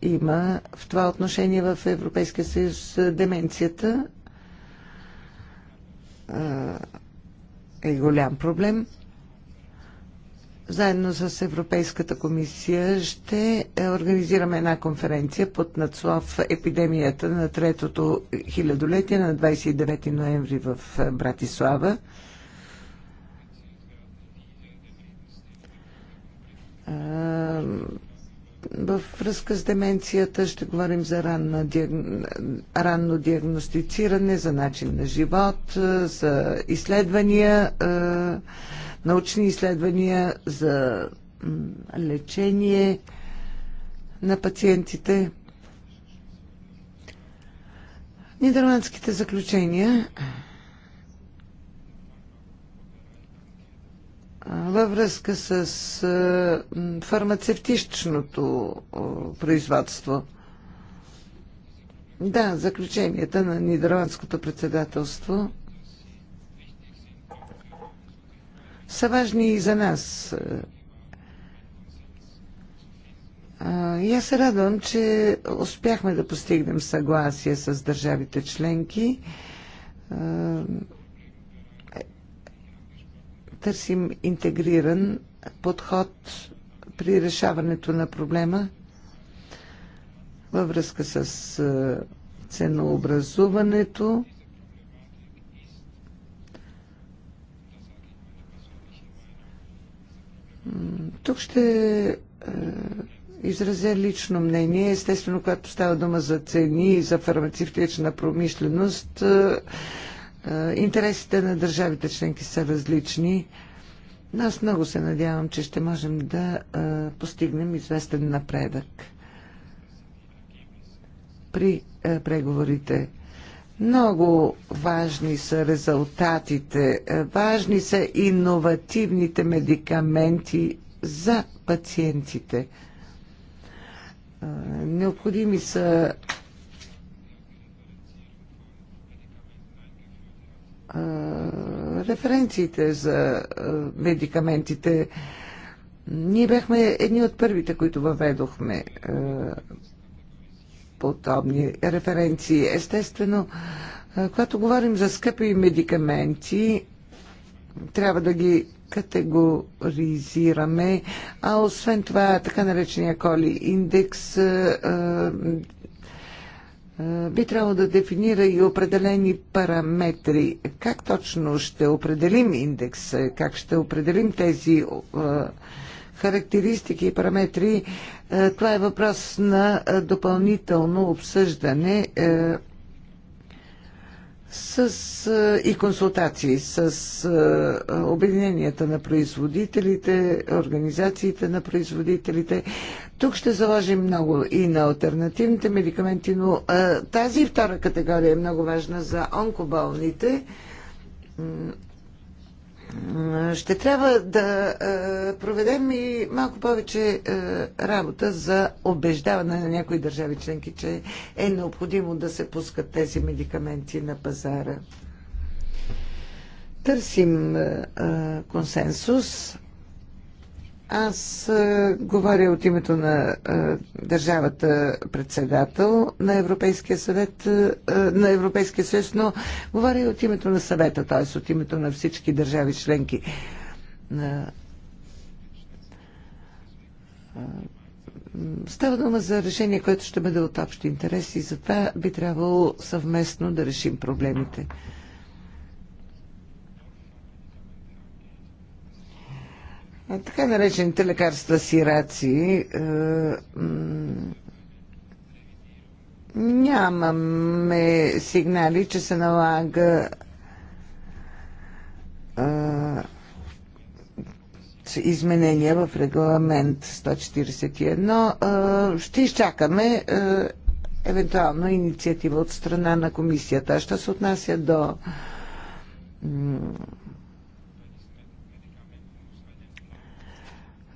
има в това отношение в Европейския съюз. Е, деменцията е, е голям проблем. Заедно с Европейската комисия ще е, организираме една конференция под надслов Епидемията на третото хилядолетие на 29 ноември в е, Братислава. в връзка с деменцията ще говорим за ранна, ранно диагностициране, за начин на живот, за изследвания, научни изследвания, за лечение на пациентите. Нидерландските заключения във връзка с фармацевтичното производство. Да, заключенията на Нидерландското председателство са важни и за нас. И аз се радвам, че успяхме да постигнем съгласие с държавите членки търсим интегриран подход при решаването на проблема във връзка с ценообразуването. Тук ще изразя лично мнение. Естествено, когато става дума за цени и за фармацевтична промишленост, е, интересите на държавите членки са различни. Но аз много се надявам, че ще можем да е, постигнем известен напредък при е, преговорите. Много важни са резултатите, важни са иновативните медикаменти за пациентите. Необходими са референциите за медикаментите. Ние бяхме едни от първите, които въведохме подобни референции. Естествено, когато говорим за скъпи медикаменти, трябва да ги категоризираме, а освен това така наречения коли индекс е, би трябвало да дефинира и определени параметри. Как точно ще определим индекс? Как ще определим тези е, характеристики и параметри? Е, това е въпрос на допълнително обсъждане с, и консултации с обединенията на производителите, организациите на производителите. Тук ще заложим много и на альтернативните медикаменти, но тази втора категория е много важна за онкоболните. Ще трябва да е, проведем и малко повече е, работа за убеждаване на някои държави членки, че е необходимо да се пускат тези медикаменти на пазара. Търсим е, консенсус аз а, е, говоря от името на а, е, държавата председател на Европейския съвет, а, е, на Европейския съюз, но говоря и от името на съвета, т.е. от името на всички държави членки. А, Става дума за решение, което ще бъде от общи интерес и затова би трябвало съвместно да решим проблемите. Така наречените лекарства сираци е, нямаме сигнали, че се налага изменения в регламент 141. Ще изчакаме евентуално инициатива от страна на комисията. Що се отнася до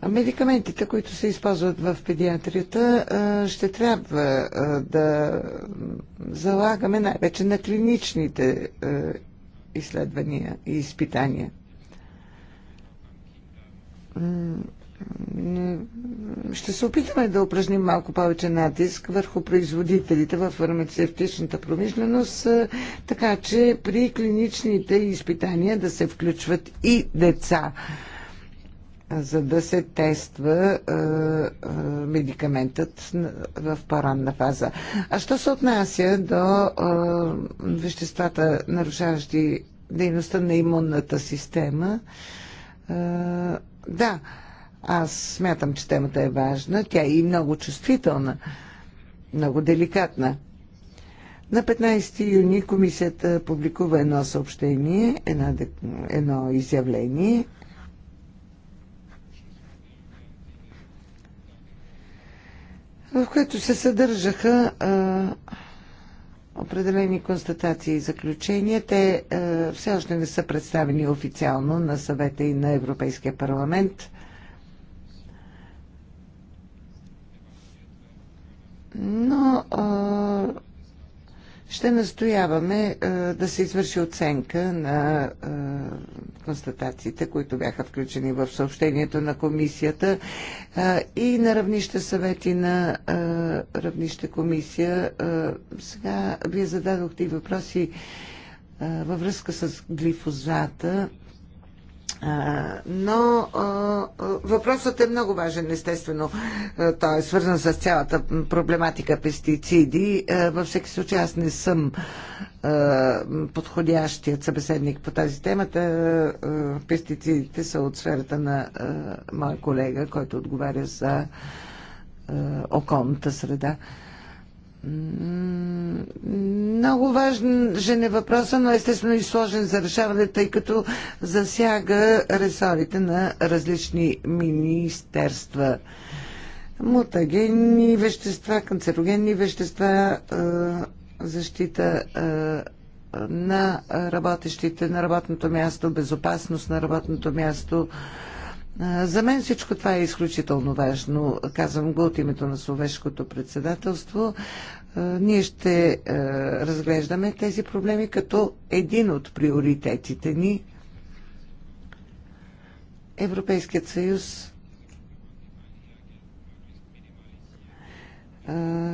Медикаментите, които се използват в педиатрията, ще трябва да залагаме най-вече на клиничните изследвания и изпитания. Ще се опитаме да упражним малко повече натиск върху производителите в фармацевтичната промишленост, така че при клиничните изпитания да се включват и деца за да се тества е, е, медикаментът в по-ранна фаза. А що се отнася до е, веществата, нарушаващи дейността на имунната система, да, аз смятам, че темата е важна. Тя е и много чувствителна, много деликатна. На 15 юни комисията публикува едно съобщение, едно, едно изявление – в което се съдържаха определени констатации и заключения. Те а, все още не са представени официално на съвета и на Европейския парламент. Но а, ще настояваме е, да се извърши оценка на е, констатациите, които бяха включени в съобщението на комисията е, и на равнище съвети на равнище комисия. Сега вие зададохте и въпроси във връзка с глифозата. Но въпросът е много важен, естествено. Той е свързан с цялата проблематика пестициди. Във всеки случай аз не съм подходящият събеседник по тази тема. Пестицидите са от сферата на моя колега, който отговаря за околната среда. Много важен е въпроса, но естествено и сложен за решаване, тъй като засяга ресорите на различни министерства. Мутагенни вещества, канцерогенни вещества, защита на работещите на работното място, безопасност на работното място, за мен всичко това е изключително важно. Казвам го от името на словешкото председателство. Ние ще разглеждаме тези проблеми като един от приоритетите ни. Европейският съюз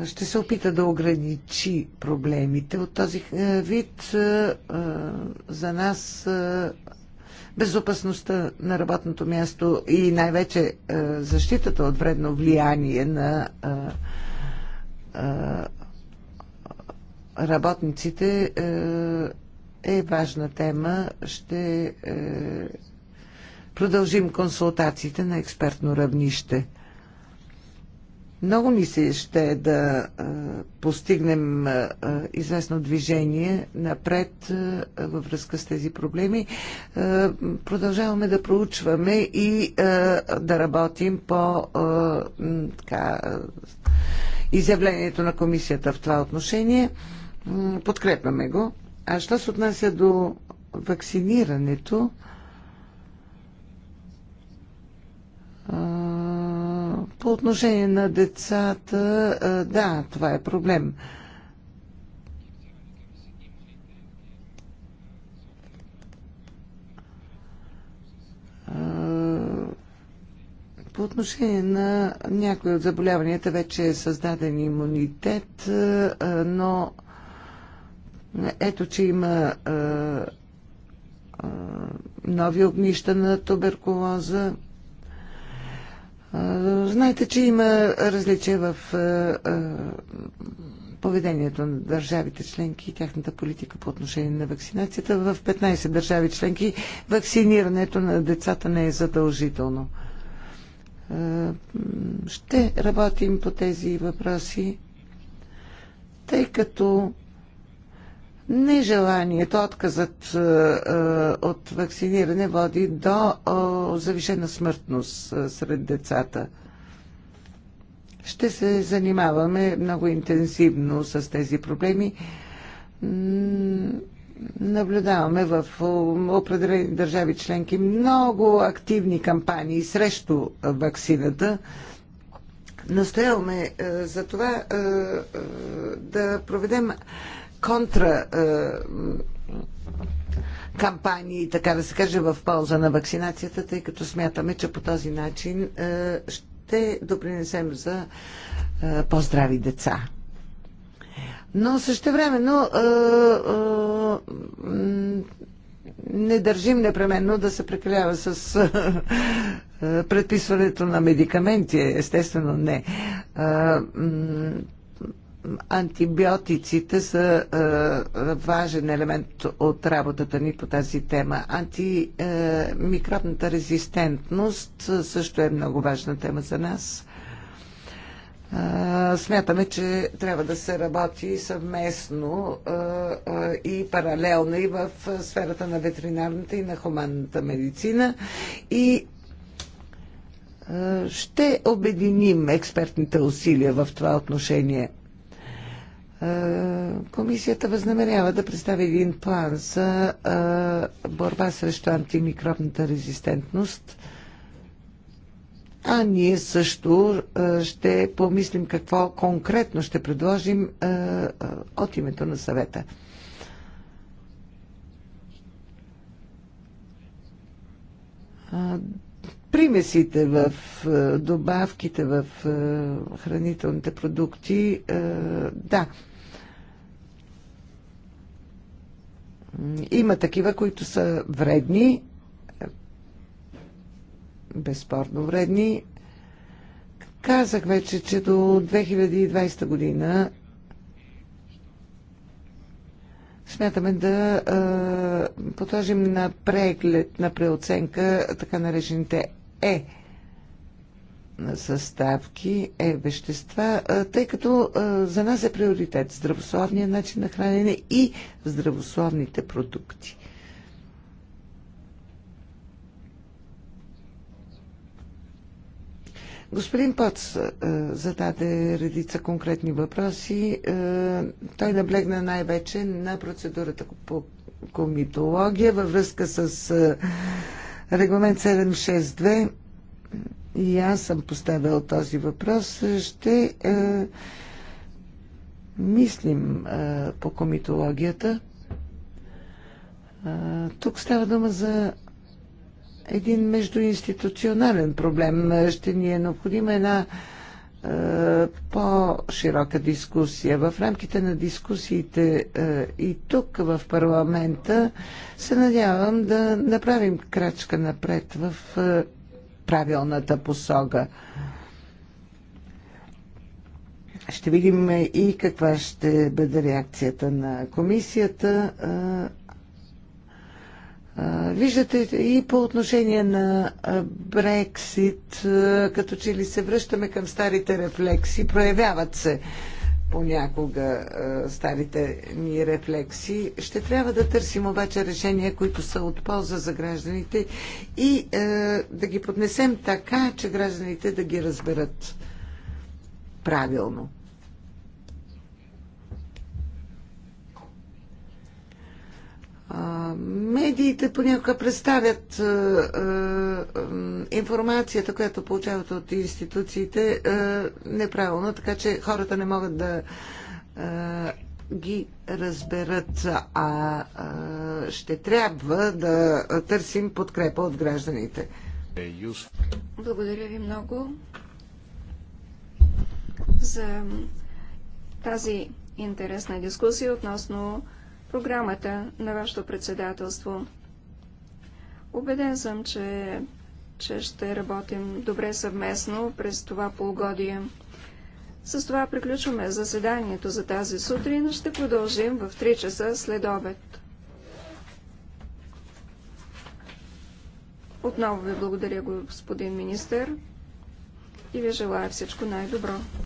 ще се опита да ограничи проблемите от този вид. За нас безопасността на работното място и най-вече е, защитата от вредно влияние на е, е, работниците е важна тема. Ще продължим консултациите на експертно равнище. Много ми се ще да постигнем известно движение напред във връзка с тези проблеми. Продължаваме да проучваме и да работим по така, изявлението на комисията в това отношение. Подкрепяме го. А що се отнася до вакцинирането, По отношение на децата, да, това е проблем. По отношение на някои от заболяванията вече е създаден имунитет, но ето, че има нови огнища на туберкулоза. Знаете, че има различия в поведението на държавите членки и тяхната политика по отношение на вакцинацията. В 15 държави членки вакцинирането на децата не е задължително. Ще работим по тези въпроси, тъй като Нежеланието, отказът е, е, от вакциниране води до завишена смъртност е, сред децата. Ще се занимаваме много интенсивно с тези проблеми. Наблюдаваме в определени държави членки много активни кампании срещу вакцината. Настояваме за това да проведем контра е, кампании, така да се каже, в полза на вакцинацията, тъй като смятаме, че по този начин е, ще допринесем за е, по-здрави деца. Но също времено не държим непременно да се прекалява с предписването на медикаменти. Естествено не антибиотиците са а, е, важен елемент от работата ни по тази тема. Антимикробната резистентност също е много важна тема за нас. А, е, смятаме, че трябва да се работи съвместно е, и паралелно и в сферата на ветеринарната и на хуманната медицина и ще обединим експертните усилия в това отношение – е, комисията възнамерява да представи един план за е, борба срещу антимикробната резистентност. А ние също е, ще помислим какво конкретно ще предложим от името на съвета. Примесите в добавките в хранителните продукти, да, Има такива, които са вредни, безспорно вредни. Казах вече, че до 2020 година смятаме да а, подложим на преглед, на преоценка така наречените Е съставки е вещества, тъй като за нас е приоритет здравословния начин на хранене и здравословните продукти. Господин Поц зададе редица конкретни въпроси. Той наблегна най-вече на процедурата по комитология във връзка с регламент 762 и аз съм поставил този въпрос, ще е, мислим е, по комитологията. Е, тук става дума за един междуинституционален проблем. Ще ни е необходима една е, по-широка дискусия. В рамките на дискусиите е, и тук в парламента се надявам да направим крачка напред в е, правилната посока. Ще видим и каква ще бъде реакцията на комисията. Виждате и по отношение на Брексит, като че ли се връщаме към старите рефлекси, проявяват се понякога а, старите ни рефлекси. Ще трябва да търсим обаче решения, които са от полза за гражданите и а, да ги поднесем така, че гражданите да ги разберат правилно. Медиите понякога представят информацията, която получават от институциите, неправилно, така че хората не могат да ги разберат, а ще трябва да търсим подкрепа от гражданите. Благодаря ви много за тази интересна дискусия относно програмата на вашето председателство. Обеден съм, че, че ще работим добре съвместно през това полугодие. С това приключваме заседанието за тази сутрин. Ще продължим в 3 часа след обед. Отново ви благодаря, господин министър, и ви желая всичко най-добро.